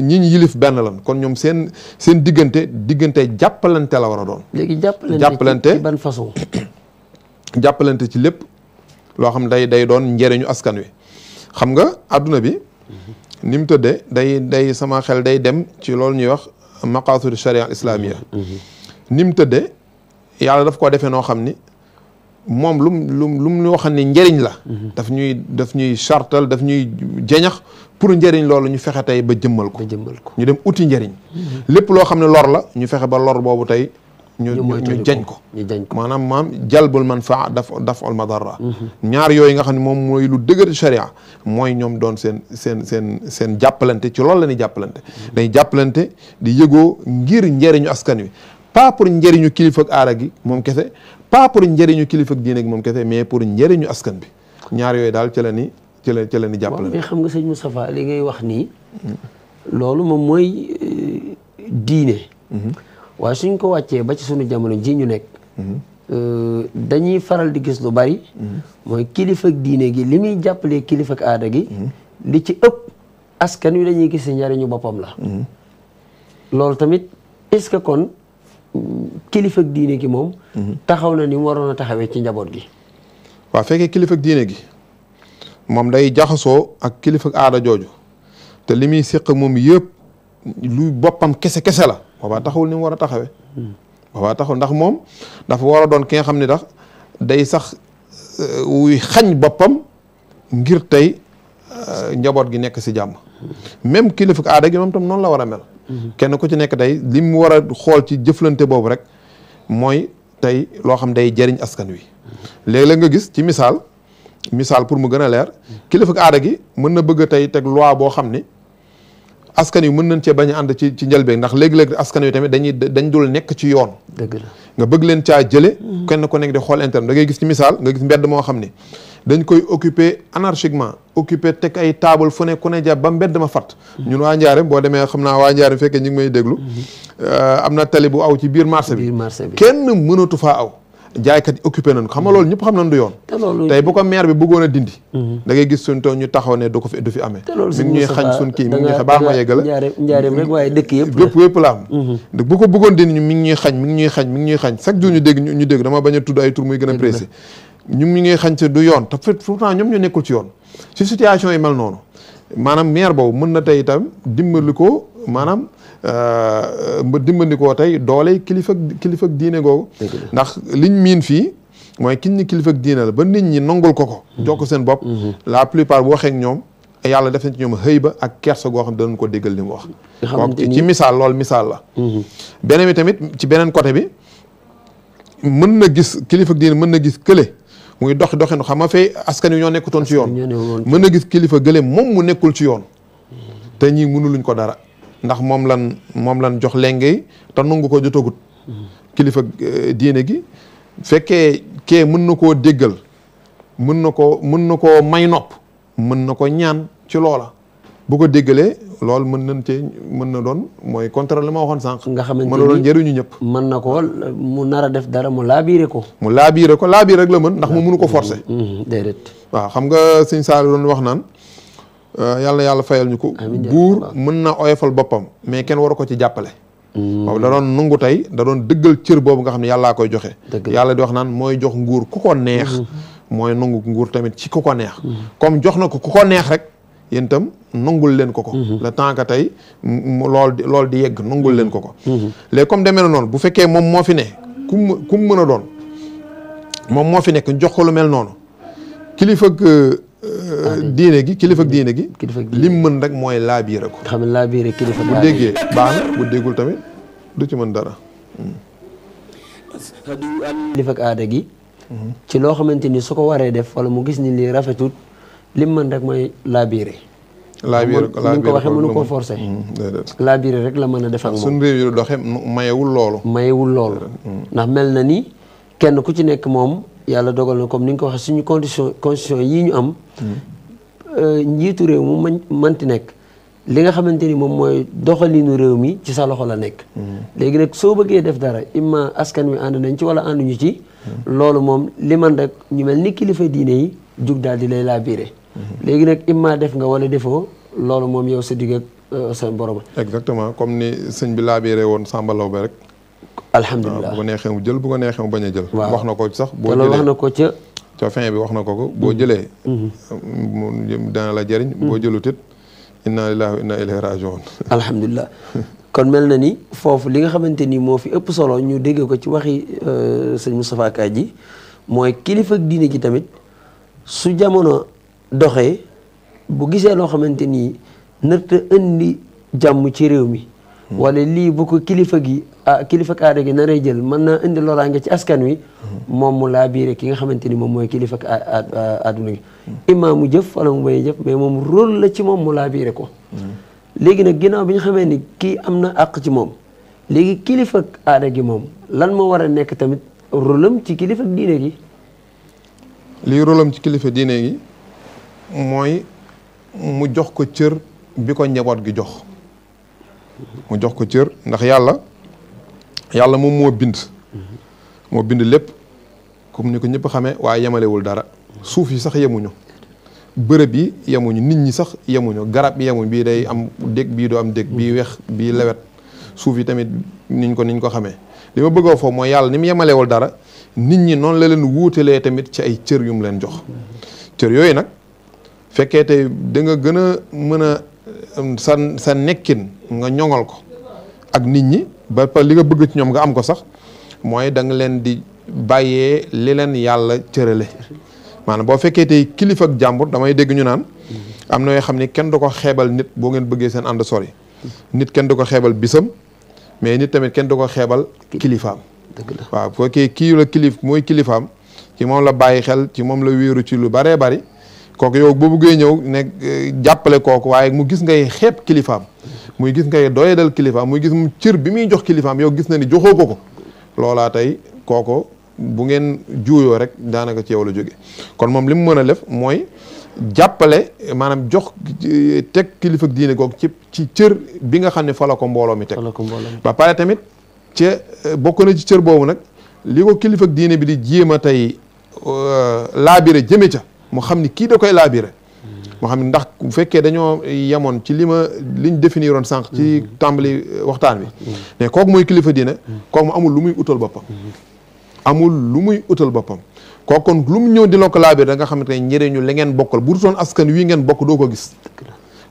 ñi ñu yilif benn lan kon ñoom seen seen diggante diggante jàppalante la war a doon. léegi jàppalante ci ban façon jàppalante ci lépp loo xam day day doon njëriñu askan wi xam nga àdduna bi mhm. ni mu tëddee day day sama xel day dem ci loolu ñuy wax maqaasidu sharia islamiya mhm. ni mu tëddee yàlla daf koo defee noo xam ni moom lum lum lu mu waxoon ne njëriñ la. Mhm. daf ñuy daf ñuy chartal daf ñuy jeñax pour njëriñ loolu ñu fexe tey ba jëmmal ko. jëmmal ko ñu dem uti njëriñ. Mhm. lépp loo xam ne lor la ñu fexe ba lor boobu tey. ñu ñu jañ ko maanaam maam jalbul manfaa daf daf al madarra mhm. ñaar yooyu nga xam ne moom mooy lu dëgër sharia mooy ñoom doon seen seen seen seen jàppalante ci loolu la ñuy jàppalante dañuy jàppalante di yëgoo ngir njëriñu askan wi pas pour njëriñu kilifa ak aara gi moom kese pas pour njëriñu kilifa ak diine ak moom kese mais pour njariñu askan bi ñaar yooyu daal ci la ni ci la ci la ni jàppale mais xam nga sëñ li ngay wax nii loolu moom mooy euh, diine mm-hmm. waaye suñ ko wàccee ba ci suñu jamono ji ñu nekk mm-hmm. euh, dañuy faral di gis lu bari mm-hmm. mooy kilifa ak diine gi li muy jàppalee kilifa aada gi li ci ëpp askan wi dañuy gis njariñu boppam la loolu tamit est kon kilifa ak diine gi moom. Mhm. taxaw na ni mu waroon a taxawee ci njaboot gi. waa fekkee kilifa ak diine gi moom day jaxasoo ak kilifa aada jooju te li muy séq moom yëpp lu boppam kese kese la boobaa taxawul ni war a taxawee. Hmm. boobaa taxul ndax moom dafa war a doon ki nga xam ne tax day sax euh, wuy xañ boppam ngir tey euh, njaboot gi nekk ci jàmm. Hmm. même kilifa ak aada gi moom tam noonu la war a mel. kenn ku ci nekk tey li mu war a xool ci jëflante boobu rek mooy tey loo xam day jëriñ askan wi léeg-léeg nga gis ci misaal misaal pour mu gën a leer kilifa aada gi mën na bëgg tey teg loi boo xam ni askan yi mën nañ cee bañ a ànd ci ci njëlbeen ndax léegi-léegi askan wi tamit dañuy dañ dul nekk ci yoon dëgg nga bëgg leen caa jële mm-hmm. kenn ku nekk di xool interne da ngay gis ci misaal nga gis mbedd moo xam ni dañ koy occuper anarchiquement occuper teg ay taabal fu ne ne jàpp ba mbedd ma fat ñun waa Ndiarème boo demee xam naa waa Ndiarème fekkee ñu ngi may déglu mhm. euh, am na tali bu aw ci biir marché bi kenn mënatu faa aw jaaykat yi occupé nañ ko xam nga ñëpp xam nañ du yoon tey bu ko maire bi bëggoon a dindi mhm. da ngay gis suñ toog ñu taxaw ne du ko fi amee mi ngi ñuy xañ suñ kii mi ngi ñuy xañ mhm. ko bëggoon dindi mi xañ mi xañ mi xañ chaque jour ñu dégg ñu dégg dama bañ a tudd ay tur muy gën a pressé ñu ngi ñuy xañ du yoon te pourtant ñoom ñu nekkul ci yoon si situation yi mel noonu maanaam maire boobu mën na tey itam dimbali ko maanaam Euh, ba dimbandikoo tey doole kilifa kilifa diine googu. ndax liñ miin fii. mooy kin ni kilifa diine la ba nit ñi nongul ko ko. Mm-hmm. jox ko seen bopp. Mm-hmm. la plupart bu waxee ak ñoom. yàlla def na ci ñoom xëy ba ak kersa goo xam ne danañ ko déggal li mu wax. ci misaal loolu misaal la. Mm-hmm. beneen bi tamit ci beneen côté bi. mën na gis kilifa diine mën na gis kële. muy dox doxin xam nga fay askan wi ñoo nekkutoon ci yoon. mën na gis kilifa gële moom mu nekkul ci yoon. te ñii mënuluñ ko dara. ndax moom lan moom lan jox lenge yi te nangu ko jotagut kilifa eh, diine gi fekkee kee mën na koo déggal mën na ko mën na koo may nopp mën na ko ñaan ci loola bu ko déggalee loolu mën nañ cee mën na doon mooy contraire li ma waxoon sànq nga xamante ni mën na doon njëriñu ñëpp mën na ko mu nar a def dara mu laabiire ko mu laabiire ko laabiire rek la mën ndax mu mënu ko forcer mm-hmm. Mm-hmm. waaw xam nga sëñ Saliou doon wax naan Euh, yàlla yàlla fayal ñu ko buur mën na oyofal boppam mais kenn waru ko ci jàppale hmm. waaw da doon nungu tey da doon dëggal cër boobu nga xam ne yàllaa koy joxe yàlla di wax naan mooy jox nguur ku ko neex hmm. mooy nungu nguur tamit ci ku ko neex hmm. comme jox na ko ku ko neex rek yéen itam nungul leen ko ko le temps que tey lool di loolu di yegg nungul leen ko ko léegi comme demee na noonu bu fekkee moom moo fi ne ku ku mu mën a doon moom moo fi nekk jox ko lu mel noonu kilifa Euh, diine gi kilifa diine gi. kilifa lim mën rek mooy laabiire ko. xam laabiire kilifa bu déggee baax na bu déggul tamit du ci mën dara. kilifa ak aada gi. ci loo xamante ni su ko waree def wala mu gis ni lii rafetul lim mën rek mooy laabiire. laabiire ko laabiire ko ko waxee mënu koo forcer. Mm, laabiire rek la mën a def ak moom. suñu mayewul loolu. mayewul mm. ndax mel na ni. kenn ku ci nekk moom yàlla dogal na comme ni nga ko waxee suñu condition condition yii ñu am euh, njiitu réew mu man manti nekk li nga xamante ni moom mooy doxalinu réew mi ci sa loxo la nekk mm-hmm. léegi nag soo bëggee def dara imma askan wi ànd nañ ci wala ànduñu ci mm-hmm. loolu moom li man rek ñu mel ni kilifa diine yi jug daal di lay laa biire mm-hmm. léegi nag imma def nga wala defoo loolu moom yow sa digg ak euh, sa borom exactement comme ni sëñ bi laa woon sàmbalaw ba rek alhamdulilah bu ko neexee jël bu ko neexee mu bañ a jël. wax na ko sax boo jëlee wax na ko ca. ca bi wax na ko ko boo jëlee. Mhm. dana la jëriñ. Mhm. boo jëlut it inna lillahi alhamdulilah kon mel na ni foofu li nga xamante ni moo fi ëpp solo ñu dégg ko ci waxi euh, sëñ Moustapha Ka ji mooy kilifa ak diine ji tamit su jamono doxee bu gisee loo xamante ni nërta indi jàmm ci réew mi. wala lii bu kilifa gi ah kilifa aada gi naree jël mën naa indi loraange ci askan wi moom mu laa biire ki nga xamante ni moom mooy kilifa adduna gi imaamu mu bañee jëf mais moom rôle la ci moom mu laa biire nag ginnaaw bi ñu xamee ni kii am na àq ci moom léegi kilifa aada gi moom lan moo war a nekk tamit rôle ci kilifa diine gi lii rôle ci kilifa diine gi mooy mu jox ko cër bi ko njaboot gi jox mu jox ko cër ndax yàlla yàlla moom moo bind moo bind lépp comme ni ko ñëpp xamee waaye yemalewul dara suuf yi sax yemuñu bërëb yi yemuñu nit ñi sax yemuñu garab yi yemuñu bii day am dég bii doo am dég bii weex bii lewet suuf yi tamit niñ ko niñ ko xamee li ma bëggoo foofu mooy yàlla ni mu yemalewul dara nit ñi noonu la leen wuutalee tamit ci ay cër yu leen jox cër yooyu nag fekkee tey da gën a mën a sa sa nekkin nga ñoŋal ko ak nit ñi ba pare li nga bëgg ñoom nga am ko sax mooy danga leen di bàyyee li leen yàlla cërale maanaam boo fekkee tey kilifa ak jàmbur damay dégg ñu naan am na yoo xam ne kenn du ko xeebal nit boo ngeen bëggee seen ànd sori nit kenn du ko xeebal bisam mais nit tamit kenn du ko xeebal kilifaam waaw fekkee kii la kilif mooy kilifaam ci moom la bàyyi xel ci moom la wéeru ci lu baree bari kooku yow boo buggee ñëw ne eh, jàppale kooku waaye mu gis ngay xeeb kilifaam muy gis ngay doyadal kilifaam muy gis mu cër bi muy jox kilifaam yow gis na ni joxooko ko ko loolaa tey kooku bu ngeen juyoo rek daanaka ci yow la jóge kon moom li mu mën a def mooy jàppale maanaam jox eh, teg kilifa diine googu ci ci cër bi nga xam ne fa la ko mbooloo mi teg ba pare tamit ci eh, bokk na ci cër boobu nag li ko kilifa diine bi di jéem a tey laabire jëme ca mu xam ni kii da koy laabire moo mm. xam ne ndax bu fekkee dañoo yemoon ci li ma liñ définiroon sànq ci mm. tàmbali waxtaan bi mm. mais kooku mooy kilifa diine kooku mu amul lu muy utal boppam mm-hmm. amul lu muy utal boppam kooku kon lu mu ñëw di la ko laabire da nga xamante ne njëriñu li ngeen bokkal bu dutoon askan wii ngeen bokk doo ko gis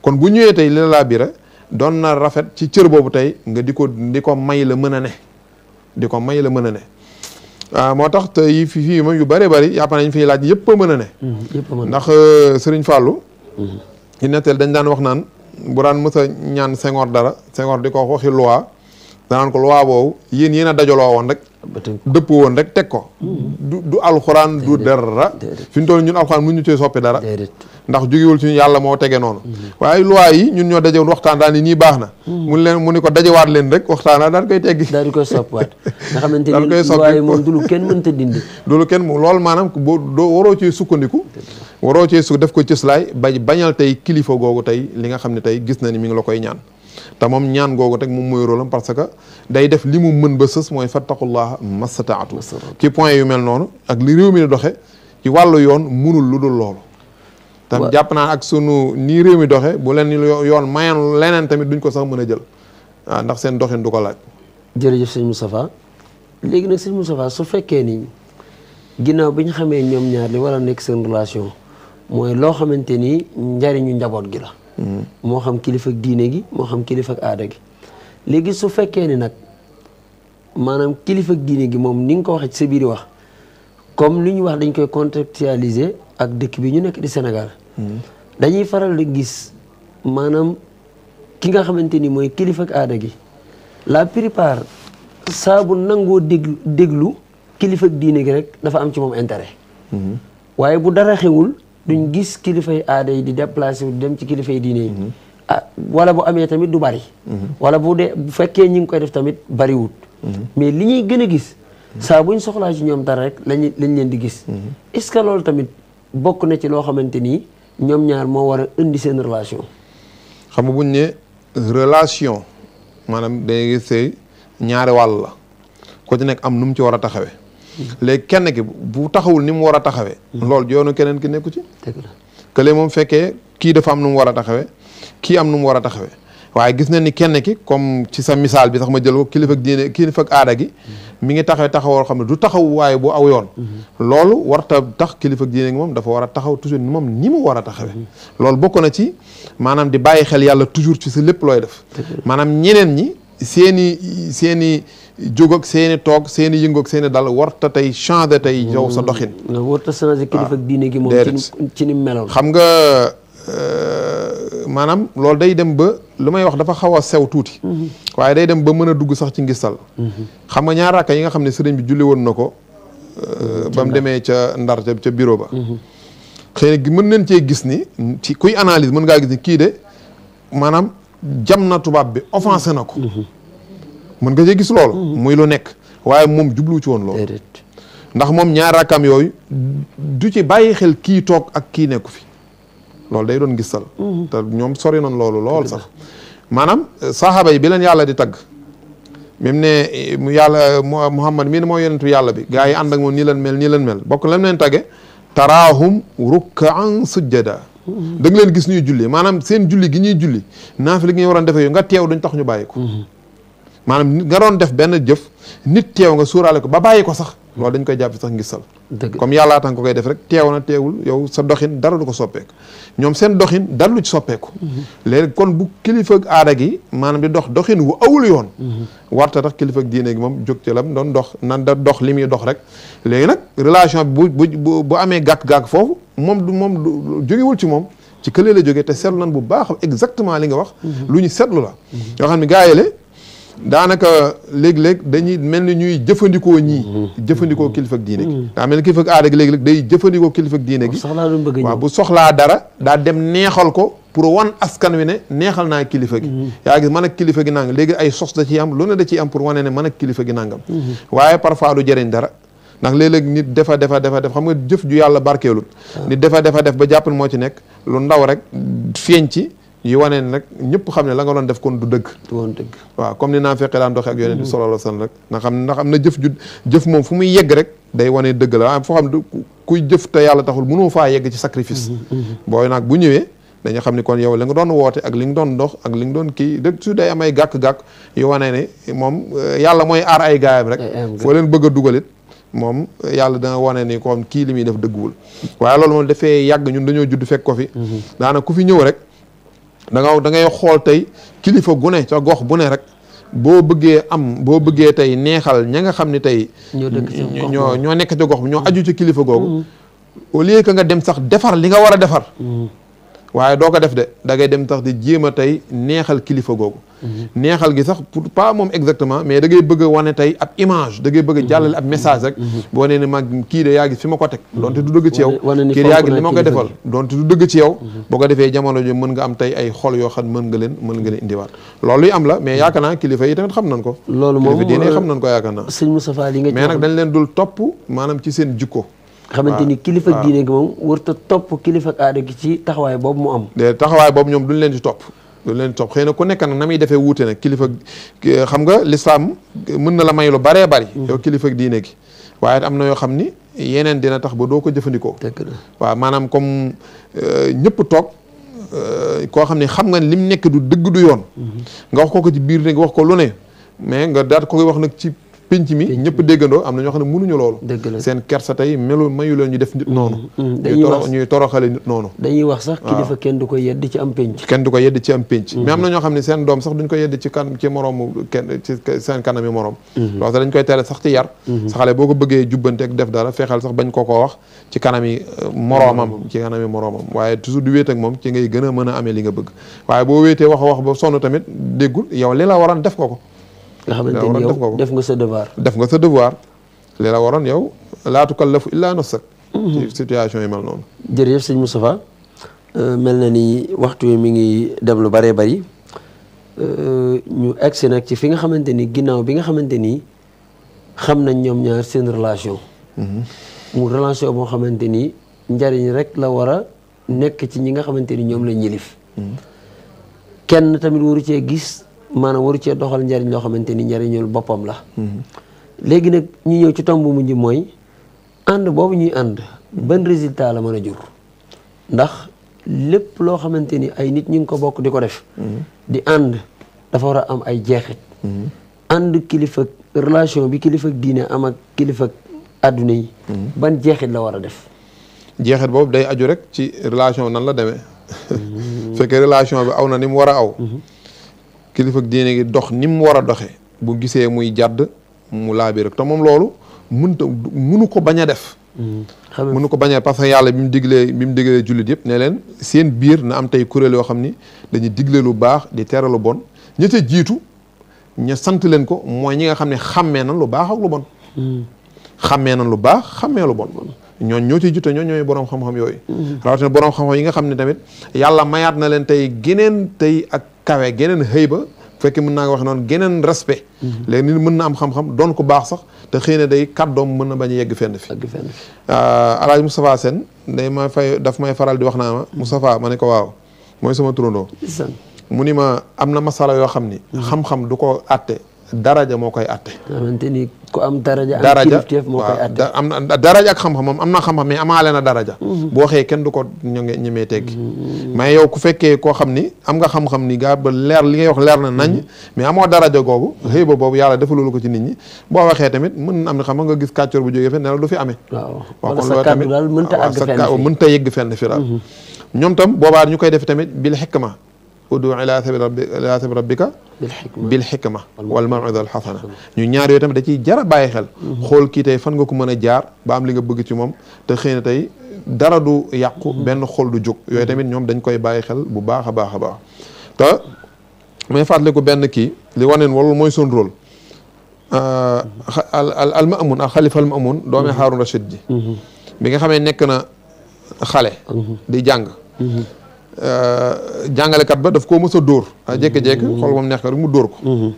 kon bu ñëwee tey li la laabire doon na rafet ci cër boobu tey nga di ko di ko may la mën a ne di ko may la mën a ne waaw ah, moo tax tey fii fii moom yu bëree bëri yàpp nañ fi laaj yëpp a mën a ne. Mm-hmm, ndax euh, Serigne Fallou. yu mm-hmm. netteel dañ daan wax naan bu daan mës ñaan Senghor dara Senghor di ko waxi loi danaan ko loi boobu yéen yéen a dajaloo woon rek. dëpp woon rek teg ko du du alxuraan du dara fi ñu toll ñun alxuraan mun ñu cee soppi dara ndax jógewul ci yàlla moo tege noonu mm-hmm. waaye loi yi ñun ñoo dajewoon waxtaan daal ni nii baax na mm-hmm. leen mu ni ko dajewaat leen rek waxtaan daal koy teggi daal di koy soppiwaat nga xamante ni loi yi moom du lu kenn mënta dindi du lu kenn boo doo waroo cee sukkandiku waroo cee su def ko cëslaay ba bañal tey kilifa googu tey li nga xam ne tey gis na ni mi ngi la koy ñaan te moom ñaan googu rek moom mooy rôlam parce que day def li mu mën ba sës mooy fattaqullaha mastataatu ci point yu mel noonu ak li réew mi di doxe ci wàllu yoon munul lu dul loolu tam jàpp naa ak sunu nii réew mi doxe bu leen yoon mayan leneen tamit duñ ko sax mën a jël waaw ah, ndax seen doxin du ko laaj jërëjëf sëñ Moustapha léegi nag sëñ Moustapha su fekkee ni ginnaaw bi ñu xamee ñoom ñaar li war a nekk seen relation mooy loo xamante ni njariñu njaboot gi la Mm-hmm. moo xam kilifa diine gi moo xam kilifa aada gi léegi su fekkee ni nag maanaam kilifa diine gi moom ni nga ko waxee ci sa biir wax comme li ñu wax dañ koy contextualiser ak dëkk bi ñu nekk di Sénégal mm-hmm. dañuy faral di gis maanaam ki nga xamante ni mooy kilifa aada gi la plupart saabu nangoo déglu déglu kilifa diine gi rek dafa am ci moom intérêt mm-hmm. waaye bu dara xewul duñ gis kilifay aada yi di déplacé di dem ci kilifay diine yi mhm. ah wala bu amee tamit du bari mhm. wala bu dee bu fekkee ñi ngi koy def tamit bariwut mhm. mais li ñuy gën a gis saa bu ñu soxlaa ci ñoom dara rek lañu lañ leen di gis est-ce que loolu tamit bokk na ci loo xamante nii ñoom ñaar moo war a indi seen relation xam buñ ne relation maanaam day gis ñaari wàll la ko ci nekk am nu mu ci war a taxawee léegi kenn ki bu taxawul ni mu war a taxawee mm. loolu yoonu keneen ki nekku ci kële moom fekkee kii dafa am nu mu war a taxawee kii am nu mu war a taxawee waaye gis nañ ni kenn ki comme ci sa misaal bi sax ma jël ko kilifa diine kilifa aada gi mm. mi ngi taxaw taxawoo xam ne du taxaw waaye bu aw yoon mm-hmm. loolu warta tax kilifa diine gi moom dafa war a taxaw toujours ni moom ni mu war a taxawee mm-hmm. loolu bokk na ci maanaam di bàyyi xel yàlla toujours ci sa lépp looy def maanaam ñeneen ñi seen i seen i jóg ak toog seen i yëngu ak seen i dal warta tey changé tey yow sa mm, doxin. warta changé kilifa diine gi moom ci ni meloon xam nga euh, maanaam loolu day dem ba lu may wax dafa xaw a sew tuuti. Mm-hmm. waaye day dem ba mën a dugg sax ci ngistal mm-hmm. xam nga ñaar raaka yi nga xam ne sëriñ bi julli woon na ko. Euh, ba mu demee ca ndar ca bureau ba. Mm-hmm. mën nañ cee gis ni ci kuy analise mën ngaa gis ni kii de maanaam. jam na tubaab bi offensé na ko mhm. mën nga cee gis loolu mhm. muy lu nekk waaye moom jublu ci woon loolu ndax moom ñaar rakkam yooyu du ci bàyyi xel kii toog ak kii nekku fi loolu day doon gisal mhm. te ñoom sori nañ loolu lool sax maanaam eh, saxaaba yi bi leen yàlla di tagg même ne eh, mu yàlla muhammad mii ne moo yonentu yàlla bi gaa yi ànd ak moom nii leen mel nii leen mel bokk lam leen tagge taraahum rukkaan sujjada da leen gis ñuy julli maanaam seen julli gi ñuy julli naafila gi ñu waroon defee yow nga teew duñ tax ñu bàyyi ko mm-hmm. maanaam nga doon def benn jëf nit teew nga suuraale ko ba bàyyi ko sax loolu dañ koy jàpp sax ngistal comme yàllaa tan ko koy def rek teew na teewul yow sa doxin dara du ko soppeeku ñoom seen doxin dara lu ci soppeeku mm-hmm. léegi kon bu kilifa ak aada gi maanaam di dox doxin wu awul yoon mm-hmm. warta tax kilifa ak diine gi moom jóg ci lam doon dox nan da dox li muy dox rek léegi nag relation bi bu bu bu amee gàkk-gàkk foofu moom du moom jógewul ci moom ci këlee la jógee te seetlu nan bu baax exactement li nga wax mm-hmm. lu ñu seetlu la yoo xam ne gaayale daanaka léegi léeg dañuy mel ni ñuy jëfandikoo ñii mm-hmm. Mm-hmm. jëfandikoo kilifa ak diine gi mm-hmm. daa mel ni kilifa ak aada gi day jëfandikoo kilifa ak diine gi waaw bu soxlaa dara daa dem neexal ko pour wan askan wi ne neexal naa kilifa gi yaa gis man a kilifa gi nangam léegi ay sos da ci am lu ne da ciy am pour wane ne man ak kilifa gi nangam waaye parfois du jëriñ dara ndax léeg-léeg nit defa defa defa def xam nga jëf ju yàlla barkeelul ah. nit defa defa def ba jàpp moo ci nekk lu ndaw rek feeñ ci yi wane nag ñëpp xam ne la nga doon def kon du dëgg du woon comme ni naa fekkee daan doxee ak yonent bi mm-hmm. sallallahu alayhi rek na xam ndax am na jëf ju jëf moom fu muy yegg rek day wane dëgg la waaye foo xam ne kuy jëf te yàlla taxul mënoo faa yegg ci sacrifice mm-hmm, mm-hmm. booy nag bu ñëwee dañu xam ni kon yow li nga doon woote ak li nga doon dox ak li nga doon kii dëgg su day am ay gàkk-gàkk yu wane ne moom euh, yàlla mooy aar ay gaayam rek foo leen bëgg a dugalit moom euh, yàlla danga wane ni koom kii li muy def dëgguwul waaye loolu moom dafee yàgg ñun dañoo judd fekk ko fi daana ku fi ñëw rek da nga da ngay xool tey kilifa gu ne gox bu ne rek boo bëggee am boo bëggee tey neexal ña nga xam ni tey ñoo ñoo nekk ca gox bi ñoo aju ci kilifa googu mm-hmm. au lieu que nga dem sax defar li nga war a defar mm-hmm. waaye doo ko def de da ngay dem tax di jéema a tey neexal kilifa googu mhm. neexal gi sax pour pas moom exactement mais da ngay bëgg wane tey ab image da ngay bëgg a mhm. jàllale ab message rek mhm. boo ne ne mag kii de yaa gis fi ma ko teg donte du dëgg ci yow kii de yaa gis li ma koy defal donte du dëgg ci yow boo ko defee jamono ji mën nga am tey ay xol yoo xam mën nga leen mën nga leen indiwaat loolu am la mais yaakaar naa kilifa yi tamit xam nañ ko loolu moom kilifa diine xam nañ ko yaakaar naa sëñ Moustapha li nga mais nag dañ leen dul topp maanaam ci seen jikko nga xamante ni ah, kilifa diine gi moom warut a topp kilifa aada gi ci taxawaay boobu mu am. de taxawaay boobu ñoom duñ leen di topp. duñ leen di topp xëy na ku nekk nag na muy defee wuute nag kilifa xam nga lislaam mën na la may lu baree bari. kilifa mm-hmm. kilifa diine gi waaye am na yoo xam ni yeneen dina tax ba doo ko jëfandikoo. waaw maanaam comme euh, ñëpp toog. Euh, koo xam ne xam nga lim nekk du dëgg du yoon. Mm-hmm. nga wax ko ci biir ne wax ko lu ne. mais nga daat koy wax nag ci pénc mi ñëpp déggandoo am na ñoo xam ne mënuñu loolu seen kersa tey melu mayu leen ñu def nit mm, mm, noonu dañuy wax sax kilifa kenn du ko yedd ci am pénc kenn du ko yedd mm-hmm. am na ñoo xam ne seen doom sax duñ ko yedd ci kan ci moroomu kenn ci seen kanami moroom mm-hmm. loolu sax dañ koy tere sax ci yar mm-hmm. sa xale boo ko bëggee jubbante ak def dara fexeel sax bañ ko koo wax ci kanami euh, moroomam ci kanami moroomam waaye toujours du wéet moom ci ngay gën a mën a amee li nga bëgg waaye boo wéetee wax wax ba sonn tamit déggul yow li la waroon def ko ko nga xamante ni yow def nga sa devoir def nga sa devoir li la waroon yow laa tukallafu illaa nafsak mhm. ci situation yi mel noonu jërëjëf sëñ Moustapha euh, mel na ni waxtu wi mi ngi dem lu bëree bëri euh, ñu egsi nag ci fi nga xamante ni ginnaaw bi nga xamante ni xam nañ ñoom ñaar seen relation mhm. mu relation boo xamante ni njariñ rek la war a nekk ci ñi nga xamante ni ñoom la ñilif mhm. kenn tamit waru cee gis maanaam waru cee doxal njariñ loo xamante ni njariñul boppam la mhm. léegi nag ñu ñëw ci tomb mujj mooy ànd boobu ñuy ànd ban résultat la mën a jur ndax lépp loo xamante ni ay nit ñu ngi ko bokk di ko def mhm. di ànd dafa war a am ay jeexit mhm. ànd kilifa relation bi kilifa diine am ak kilifa adduna yi ban jeexit la war a def jeexit boobu day aju rek ci relation nan la demee fekkee relation bi aw na ni mu war a aw kilifa diine gi dox ni mu war a doxe bu gisee muy jàdd mu laabir te moom loolu mun mënta munu ko bañ a def mënu ko bañ a parce que yàlla bi mu diglee bi mu diglee jullit yëpp ne leen seen biir na am tey kuréel yoo xam ni dañuy digle lu baax di tere lu bon ña ca jiitu ña sant leen ko mooy ñi nga xam ne xàmmee nan lu baax ak lu bon xàmmee nan lu baax xàmmee lu bon ñoo ciy jiite ñooñ ñooy boroom xam-xam yooyu mm-hmm. rawatina boroom xam-xam yi nga xam ne tamit yàlla mayaat na leen tey geneen tey ak kawe geneen xëy ba fekkee mën naa wax noonu geneen respect mhm. léegi mën na am xam-xam doon ko baax sax te xëy day kat doom mën na bañ a yegg fenn fi ah, alaaji Moustapha Sène day ma fay daf may faral di wax naa ma mhm. Moustapha ma ne ko waaw mooy sama turandoo mu ni ma am na masala yoo xam ni mhm. xam-xam du ko àtte daraja moo koy atte. nga xamante ni ku am daraja. am na daraja ak xam-xamam am na xam-xam mais amaale na daraja. Mhm. boo waxee kenn du ko ñëwee ñemee teggi. Mhm. mais yow ku fekkee koo xam ni am nga xam-xam ni gaa ba leer li ngay wax leer na nañ. Mhm. mais amoo daraja googu. xëy ba boobu yàlla lu ko ci nit ñi boo waxee tamit mën na am xam nga gis kàccoor bu jógee fe ne la du fi amee. waaw wala sa kàddu daal mënta fi ñoom tam boobaa ñu koy def tamit bil hikma udu ila bi rabbika bil xikma wal mawida al xasana ñu ñaar yooyu tamit da ciy jara bàyyi xel mhm. xool kii tey fan nga ko mën a jaar ba am li nga bëgg ci moom te xëy na tey dara du yàqu mhm. benn xool du jóg yooyu tamit ñoom dañ koy bàyyi xel bu baax a baax a baax te may fàttaliku benn kii li waneen walul mooy son rôle mhm. ah, al maamun al xalifa al maamun doomi Haarun Rashid ji bi nga xamee nekk na xale di jàng Euh, jàngalekat ba daf koo mës a dóor ah mm-hmm. jékki-jékki xool moom neex ko rek mu dóor ko mm-hmm.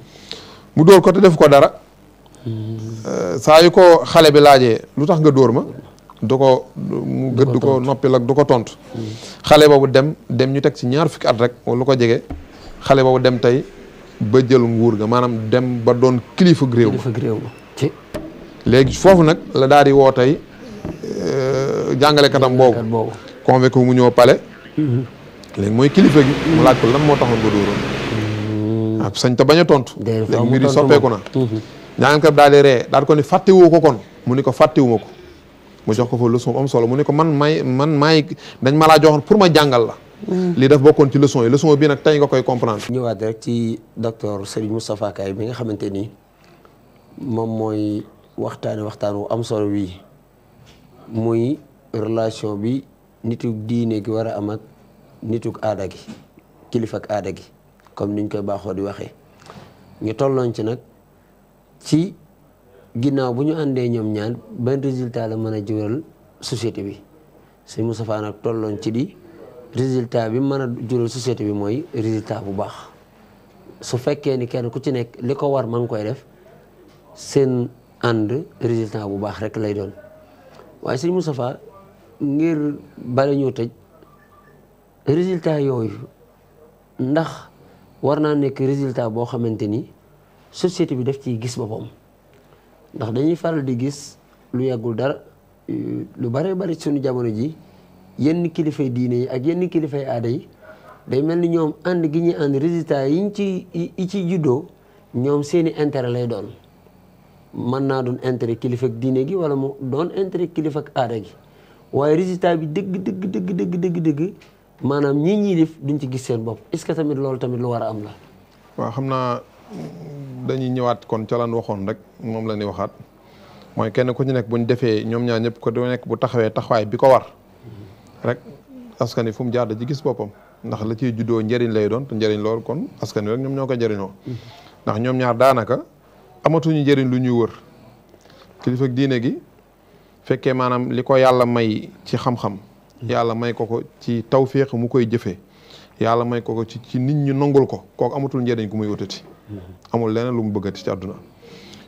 mu dóor ko te def ko dara mm-hmm. euh, saa ko xale bi laajee lu tax nga dóor ma du ko mu gëdd ko noppil lag du ko tontu xale boobu dem dem ñu teg ci ñaar fukki at rek wala lu ko jege xale boobu dem tey ba jël nguur ga maanaam dem ba doon kilifa réew ma léegi foofu nag la daal di woo tey euh, jàngalekatam boobu convoqué mu ñëw pale léegi mooy kilifa gi. mu laaj ko lan moo taxoon ba dóoroon. waaw hmm. ah, sañ te bañ a tontu. léegi soppeeku na. ñaankat hmm. daal di ree daal ko ni fàttewoo ko kon mu ni ko fàttewuma ko mu jox ko fa leçon am solo mu ni ko man may man maay dañ ma laa joxoon pour ma jàngal la. Hmm. lii daf bokkoon ci leçon yi leçon bi nag tey nga koy comprendre. ñëwaat rek ci docteur Serigne Moustapha Kay bi nga xamante ni moom mooy waxtaane waxtaan wu am solo wii muy relation bi nitu diine ki war a am nituk aada gi kilifak aada gi comme niñ koy baaxoo di waxee ñu tolloon ci nag ci ginnaaw bu ñu àndee ñoom ñaan benn résultat la mën a jural société bi si Moustapha nag ci di résultat bi mën a jural société bi mooy résultat bu baax su fekkee ni kenn ku ci nekk li ko war ma ngi koy def seen ànd résultat bu baax rek lay doon waaye sëñ Moustapha ngir bale ñoo tëj résultat yooyu ndax war naa nekk résultat boo xamante ni société bi daf ciy gis boppam ndax dañuy faral di gis lu yàggul dara euh, lu bare bari sunu jamono ji yenn kilifay diine yi ak yenn kilifay aada yi day mel ni ñoom ànd gi ñuy ànd résultat yiñ ci yi ci juddoo ñoom seeni intérêt lay doon mën naa doon intérêt kilifa ak diine gi wala mu doon intere kilifa aada gi waaye résultat bi dëgg dëgg dëgg maanaam ñii ñii def duñ ci gis seen bopp est-ce tamit loolu tamit lu war a am la. waaw xam naa dañuy ñëwaat kon ca waxoon rek moom la ñuy waxaat mooy kenn ku ci nekk buñ defee ñoom ñaar ñëpp ko du nekk bu taxawee taxawaay bi ko war rek askan wi jaar da ci gis boppam ndax la ciy juddoo njëriñ lay doon njëriñ loolu kon askan wi rek ñoom ñoo ko njëriñoo. ndax ñoom ñaar daanaka amatuñu njëriñ lu ñuy wër kilifa diine gi fekke maanaam li ko yàlla may ci xam-xam. yàlla may ko ko ci taw feex mu koy jëfee yàlla may ko ko ci ci nit ñi nongul ko kooku amatul njëriñ ku muy wutati mm-hmm. amul leneen lu mu bëggati ci àdduna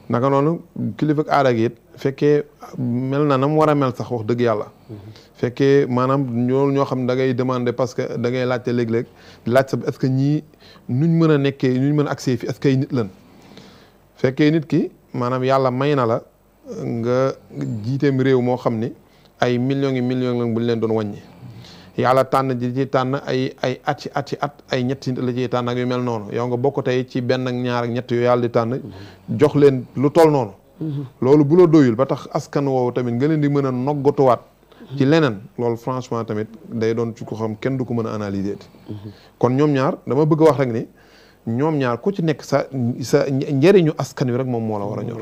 naka noonu kilifa ak aada gi it fekkee mel na na mu war a mel sax wax dëgg yàlla mm-hmm. fekkee maanaam ñoo ñoo xam ne da ngay demander parce que da ngay laajte léeg-léeg laaj sa est-ce que ñii nuñ mën a nekkee nuñ mën a accès fi est que ay nit lan fekkee nit ki maanaam yàlla may na la nga jiiteem réew moo xam ni ay millions yi million lañ bu ñu leen doon wàññi yàlla tànn ji ci tànn ay ay at ci at ci at ay ñett nit la ciy tànn ak yu mel noonu yow nga bokk tey ci benn ñaar ak ñett yu yàlla di tànn jox leen lu toll noonu loolu bu la doyul ba tax askan woowu tamit nga leen di mën a noggatuwaat ci leneen loolu franchement tamit day doon ci ko xam kenn du ko mën a analyser kon ñoom ñaar dama bëgg a wax rek ni ñoom ñaar ku ci nekk sa sa njëriñu askan wi rek moom moo la war a ñor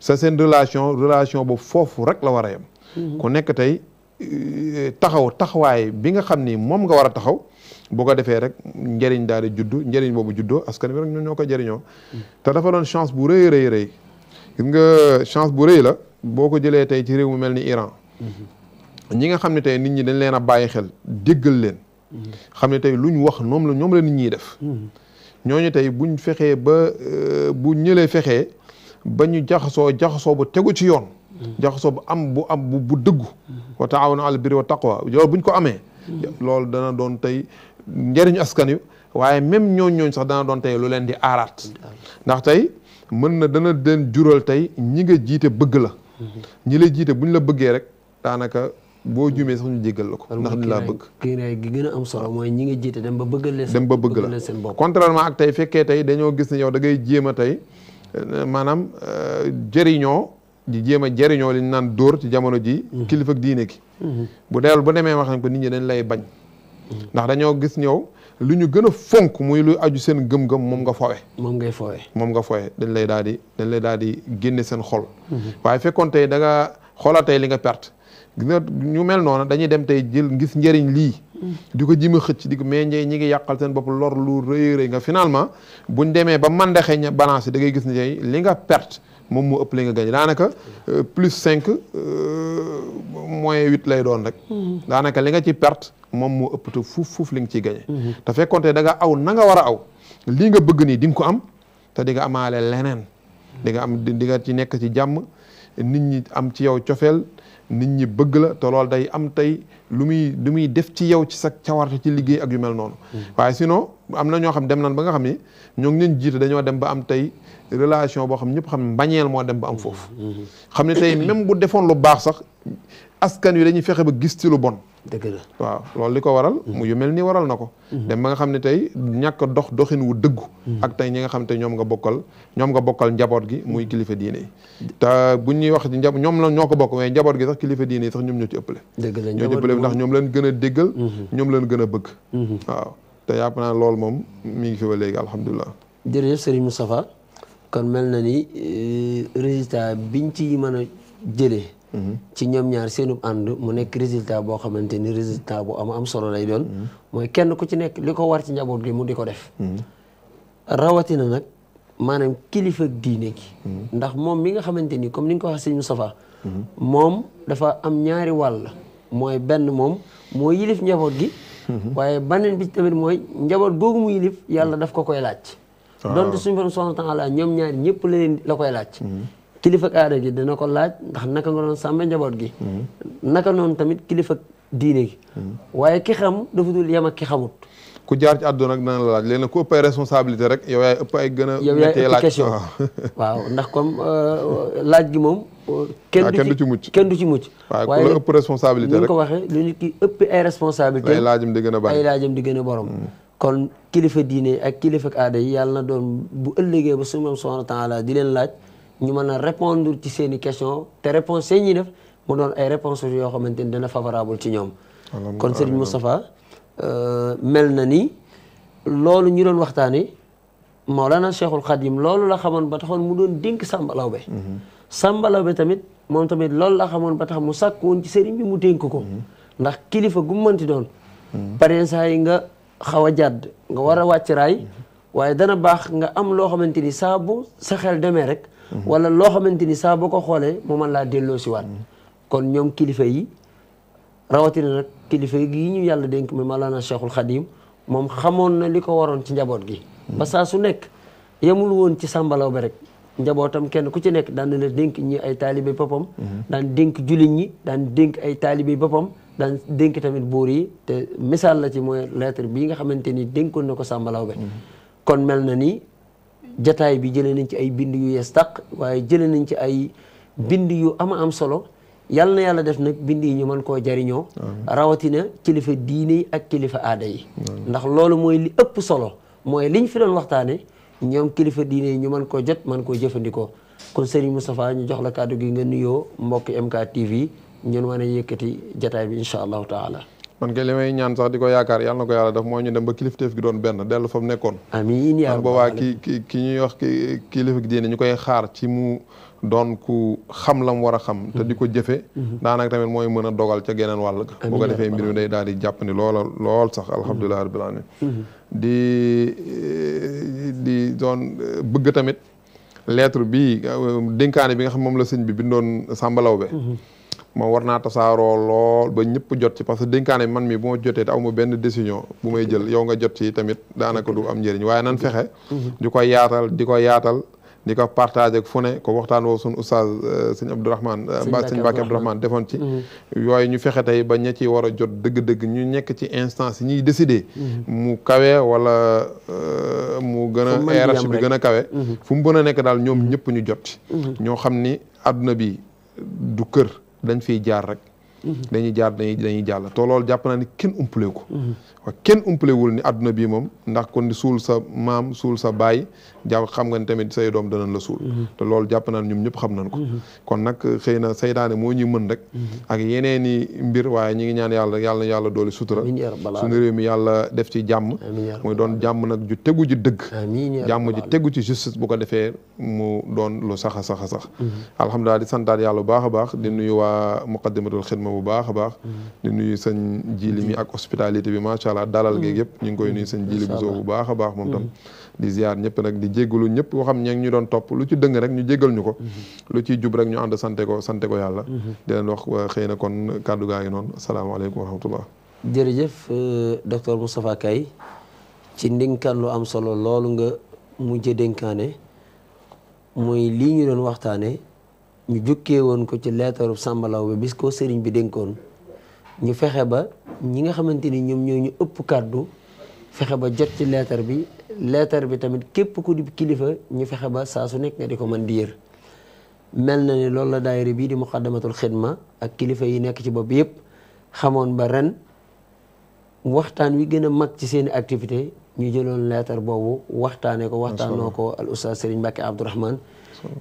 sa seen relation relation boobu foofu rek la war a yem ku nekk tey euh, taxaw taxawaay bi nga xam ni moom nga war a taxaw boo ko defee rek njëriñ daal di juddu njëriñ boobu juddoo askan wi rek ñoo ko jariñoo mm. te dafa doon chance bu rëy rëy rëy gis nga chance bu rëy la boo ko jëlee tey ci réew mu mel ni Iran. Mm-hmm. ñi nga xam ne tey nit ñi dañ leen a bàyyi xel déggal leen. Mm-hmm. xam ne tey lu ñu wax ñoom la ñoom la nit ñiy def. Mm-hmm. ñooñu tey buñ fexee ba euh, bu ñëlee fexee ba ñu jaxasoo jaxasoo bu tegu ci yoon. jaxasoo bu am bu am bu dëggu wa taawanu alal birri wa taqwa loolu buñ ko amee loolu dana doon tey njëriñu askan wi waaye même ñooñ ñooñ sax dana doon tey lu leen di aaraat ndax tey mën na dana den jural tey ñi nga jiite bëgg la ñi lay jiite buñ la bëggee rek daanaka boo juumee sax ñu jéggal la ko ndax ni laa bëgg kiiraay gi gën am solo mooy ñi nga jiite dem ba bëggal leen dem ba bëgg la seen bopp contrairement ak tey fekkee tey dañoo gis ne yow da ngay jéem a tey maanaam euh, jëriñoo di jéem a jëriñoo li naan door ci jamono ji mhm. kilifa diine ki mhm. bu dellu bu demee wax nañ ko nit ñi dañ lay bañ mhm. ndax dañoo gis ñëw lu ñu gën a fonk muy lu aju seen gëm-gëm moom nga fowe moom ngay fowe moom nga fowe dañ lay daal di dañ lay daal di génne seen xol waaye fekkoon tey da nga tey li nga perte gis ñu mel noonu dañuy dem tey jël gis njëriñ lii di ko jima xëcc di ko mais ñi ngi yàqal seen bopp lor lu rëy rëy nga finalement buñ demee ba mandaxe ña balance da ngay gis ne li nga perte moom moo ëpp li nga gañ daanaka euh, plus cinq euh, moins huit lay doon rek mm-hmm. daanaka li nga ci perte moom moo ëpp te fuuf fuuf li nga ciy gañe mm-hmm. te fekkoon te da nga aw nanga nga war a aw lii nga bëgg nii di ko am te di nga amaale leneen di nga am di nga ci nekk ci jàmm nit ñi am ci yow cofeel nit ñi bëgg la te loolu day am tey lu muy lu muy def ci yow ci sa cawarte ci liggéey ak yu mel noonu mm-hmm. waaye sinon am na ñoo xam dem nan ba nga xam ni ñoo ngi leen jiite dañoo dem ba am tey relation boo xam ñëpp xam ne mbañeel moo dem ba am foofu. xam ne tey même bu defoon lu baax sax askan wi dañuy fexe ba gis ci lu bon. dëgg la waaw loolu li ko waral. mu yu mel nii waral na ko. Mhm. dem nga xam ne tey ñàkk dox doxin wu dëggu. Mhm. ak tey ñi nga xam te ñoom nga bokkal ñoom nga bokkal njaboot gi muy kilifa diine yi. te bu ñuy wax njab ñoom la ñoo ko bokk mais njaboot gi sax kilifa diine yi sax ñoom ñoo ci ëppale. dëgg la ndax ñoom leen gën a déggal. Mhm. ñoom leen gën a bëgg waaw te yàpp naa loolu moom mi ngi fi ba léegi alhamdulilah. jërëjëf kon mel na ni euh, résultat biñ ci mën a jëlee. Mhm. ci ñoom ñaar seenub ànd mu nekk résultat boo xamante ni résultat bu am am solo lay doon. Mhm. mooy kenn ku ci nekk li ko war ci njaboot gi mu di ko def. Mhm. rawatina nag maanaam kilifa diine gi. ndax moom mi nga xamante ni comme ni nga ko waxee sëñ Moustapha. moom dafa am ñaari wàll. mooy benn moom moo yilif njaboot gi. Mhm. waaye beneen bi tamit mooy njaboot googu muy yilif yàlla daf ko koy laaj donte suñu borom subhanahu wa taala ñoom ñaari ñëpp la leen la koy laaj mhm. kilifa ak aada gi dina ko laaj ndax naka nga doon sàmm njaboot gi mhm. naka noonu tamit kilifa diine gi waaye ki xam dafa dul yem ki xamut ku jaar ci àdduna ak dana la laaj léegi ku ëpp ay responsabilité rek yow yaay ëpp ay gën a question waaw ndax comme euh, laaj gi moom euh, kenn ah, du ci mucc kenn du ci mucc waaye ku la ëpp responsabilité rek ni ko waxee lu nit ki ëpp ay responsabilité ay laajam di gën a bari ay laajam di gën a borom mm. kon kilifa diine ak kilifa aada yi yàlla na doon bu ëllëgee ba suñu moom subhanahu wa taala di leen laaj ñu mën a répondre ci seen i question te réponse yi ñuy def mu doon ay réponse yoo xamante ni dana favorable ci ñoom kon Serigne Moustapha Euh, mel na ni loolu ñu doon waxtaanee Maolana Cheikhul Khadim loolu la xamoon ba taxoon mu doon dénk Samba Lawbe. Mhm. Samba tamit moom tamit loolu la xamoon ba tax mu sàkk woon ci sëriñ bi mu dénk ko. Mhm. ndax kilifa gu mënti doon. Mhm. pare saa yi nga xaw a jàdd nga war a wàcc raay. waaye dana baax nga am loo xamante ni saa bu sa xel demee rek. wala loo xamante ni saa boo ko xoolee mu man laa delloo si waat kon ñoom kilifa yi. rawatina nag kilifa yi ñu yàlla dénk mi Maulana Cheikhul Khadim moom xamoon na li ko waroon ci njaboot gi. ba saa su nekk yemul woon ci sàmbalaw ba rek njabootam kenn ku ci nekk daan na dénk ñi ay taalibe boppam. Mhm. daan dénk jullit ñi daan dénk ay taalibe boppam. daan dénk tamit buur yi te misaal la ci mooy lettre bii nga xamante ni dénkoon na ko sàmbalaw ba mhm. kon mel na ni jataay bi jëlee nañ ci ay bind yu yees waaye jëlee nañ ci ay bind yu ama am solo. yàlla na yàlla def nag bind yi ñu mën koo jariñoo rawatina kilifa diine yi ak kilifa aada yi ndax loolu mooy li ëpp solo mooy liñ fi doon waxtaane ñoom kilifa diine yi ñu mën koo jot mën koo jëfandikoo kon Serigne Moustapha ñu jox la kàddu gi nga nuyoo mbokk MK TV ñun wane yëkkati jataay bi incha allahu taala man kay li may ñaan sax di ko yaakaar yàlla na ko yàlla def mooy ñu dem ba kilifteef gi doon benn dellu fa mu nekkoon amiin yaa boobaa ki ki ki ñuy wax ki kilifa diine ci doon ku xam lam war a xam te di ko mhm. jëfe mhm. daanaka tamit mooy mën a dogal ca geneen wàll bu ko defee mbir mi day daal di jàpp ni loola lool sax mhm. alhamdulilahi rabbil alamin di eh, di doon eh, bëgg tamit lettre bi eh, dénkaane bi nga xam moom la sëñ bi bindoon sàmbalaw be moom war naa tasaaroo lool ba ñëpp jot ci parce que dinkaane man mi bu ma jotee te aw ma benn décision bu may jël yow nga jot ci tamit daanaka du am njëriñ waaye nan fexe di ko yaatal di ko yaatal di ko partagé ak fu ne ko waxtaan woo suñu oustaz euh, sëñ Abdourahmane euh, mbaa sëñ Mbacke Abdourahmane defoon ci mm-hmm. yooyu ñu fexe tey ba ña ci war a jot dëgg-dëgg ñu nekk ci instance yi ñuy décider mm-hmm. mu kawe wala euh, mu gën a RH bi gën a kawe mm-hmm. fu mu gën a nekk daal ñoom ñëpp ñu jot ñoo xam ni adduna bi du kër dañ fiy jaar rek dañuy jaar dañuy dañuy jàll te loolu jàpp naa ni kenn umpale ko. waaw kenn umpalewul ni àdduna bii moom ndax kon suul sa maam suul sa baay jàpp xam nga ne tamit say doom danañ la suul mhm. te loolu jàpp naan ñoom ñëpp xam nañ ko mhm. kon nag euh, xëy na saytaane moo ñuy mën rek mhm. ak yeneen mbir waaye ñi ngi ñaan yàlla rek yàlla na yàlla doole sutura suñu réew mi yàlla def ci jàmm muy doon jàmm nag ju tegu ji dëgg jàmm ji tegu ci justice bu ko defee mu doon lu sax a sax a sax alhamdulilah di santaat yàlla bu baax a baax di nuyu waa muqaddimatul xidma bu baax a baax di nuyu sëñ jili mi ak hospitalité bi macha allah dalal geeg yëpp ñu ngi koy nuyu sañ jili bu bu baax a baax moom tam di ziar ñëpp nag di jéggalu ñëpp boo xam ña ngi ñu doon topp lu ci dëng rek ñu jéggal ñu ko mm-hmm. lu ci jub rek ñu ànd sante ko sante ko yàlla mm-hmm. di leen wax xëy na kon kàddu gaa ngi noonu asalaamaaleykum wa rahmatullah jërëjëf euh, docteur Moustapha Kay ci ndénkaan lu am solo loolu nga mujje dénkaane mooy lii ñu doon waxtaane ñu jukkee woon ko ci leetaru sàmbalaw bi bis ko sëriñ bi dénkoon ñu fexe ba ñi nga xamante ni ñoom ñoo ñu ëpp kàddu fexe ba jot ci leetar bi leetar bi tamit képp ku di kilifa ñu fexe ba saa su nekk nga di ko man di yër mel na ni loolu la daayira bii di muqaddamatul xidma ak kilifa yi nekk ci bopp yëpp xamoon ba ren waxtaan wi gën a mag ci seen activité ñu jëloon leetar boobu waxtaanee ko waxtaanoo ko al oustaz Serigne Mbacke Abdourahmane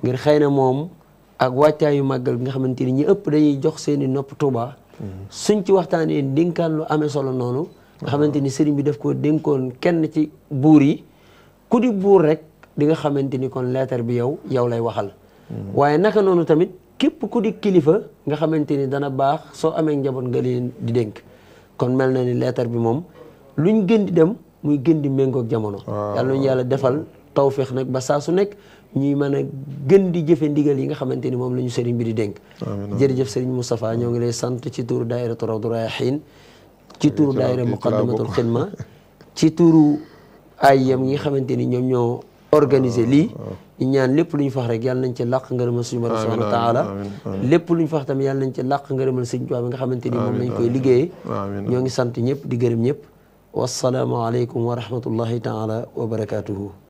ngir xëy na moom ak wàccaayu màggal bi nga xamante ni ñi ëpp dañuy jox seen i nopp Tuuba mm-hmm. suñ ci waxtaanee ndinkaan lu ame solo noonu nga xamante ni sëriñ bi def koo dénkoon kenn ci buur yi ku di buur rek di nga xamante ni kon leetar bi yow yow lay waxal. Hmm. waaye naka noonu tamit képp ku di kilifa nga xamante ni dana baax soo amee njaboot nga leen di dénk kon mel na ni leetar bi moom luñ gën di dem muy gën di méngoog jamono. Ah. yàlla yàlla defal tawféex nag ba saa su nekk. ñuy mën a gën di jëfe ndigal yi nga xamante ni moom la ñu sëriñ bi di dénk jërëjëf sëriñ Moustapha ñoo ngi lay sant ci tur daayiratu Rawdu Rayaahiin ci turu daayira muqaddamatul xidma ci turu ay yam yi xamante ni ñoom ñoo organiser ah, lii ñu ah. ñaan lépp luñu ñu rek yàlla nañ ci làq ngërëmal suñu borom subhanahu wa taala lépp lu ñu fax tamit yàlla nañ ci làq ngërëmal sëñ Tuubaa bi nga xamante ni moom lañ koy liggéey ñoo ngi sant ñëpp di gërëm ñëpp wasalaamu aleykum wa rahmatullahi taala wa barakatuhu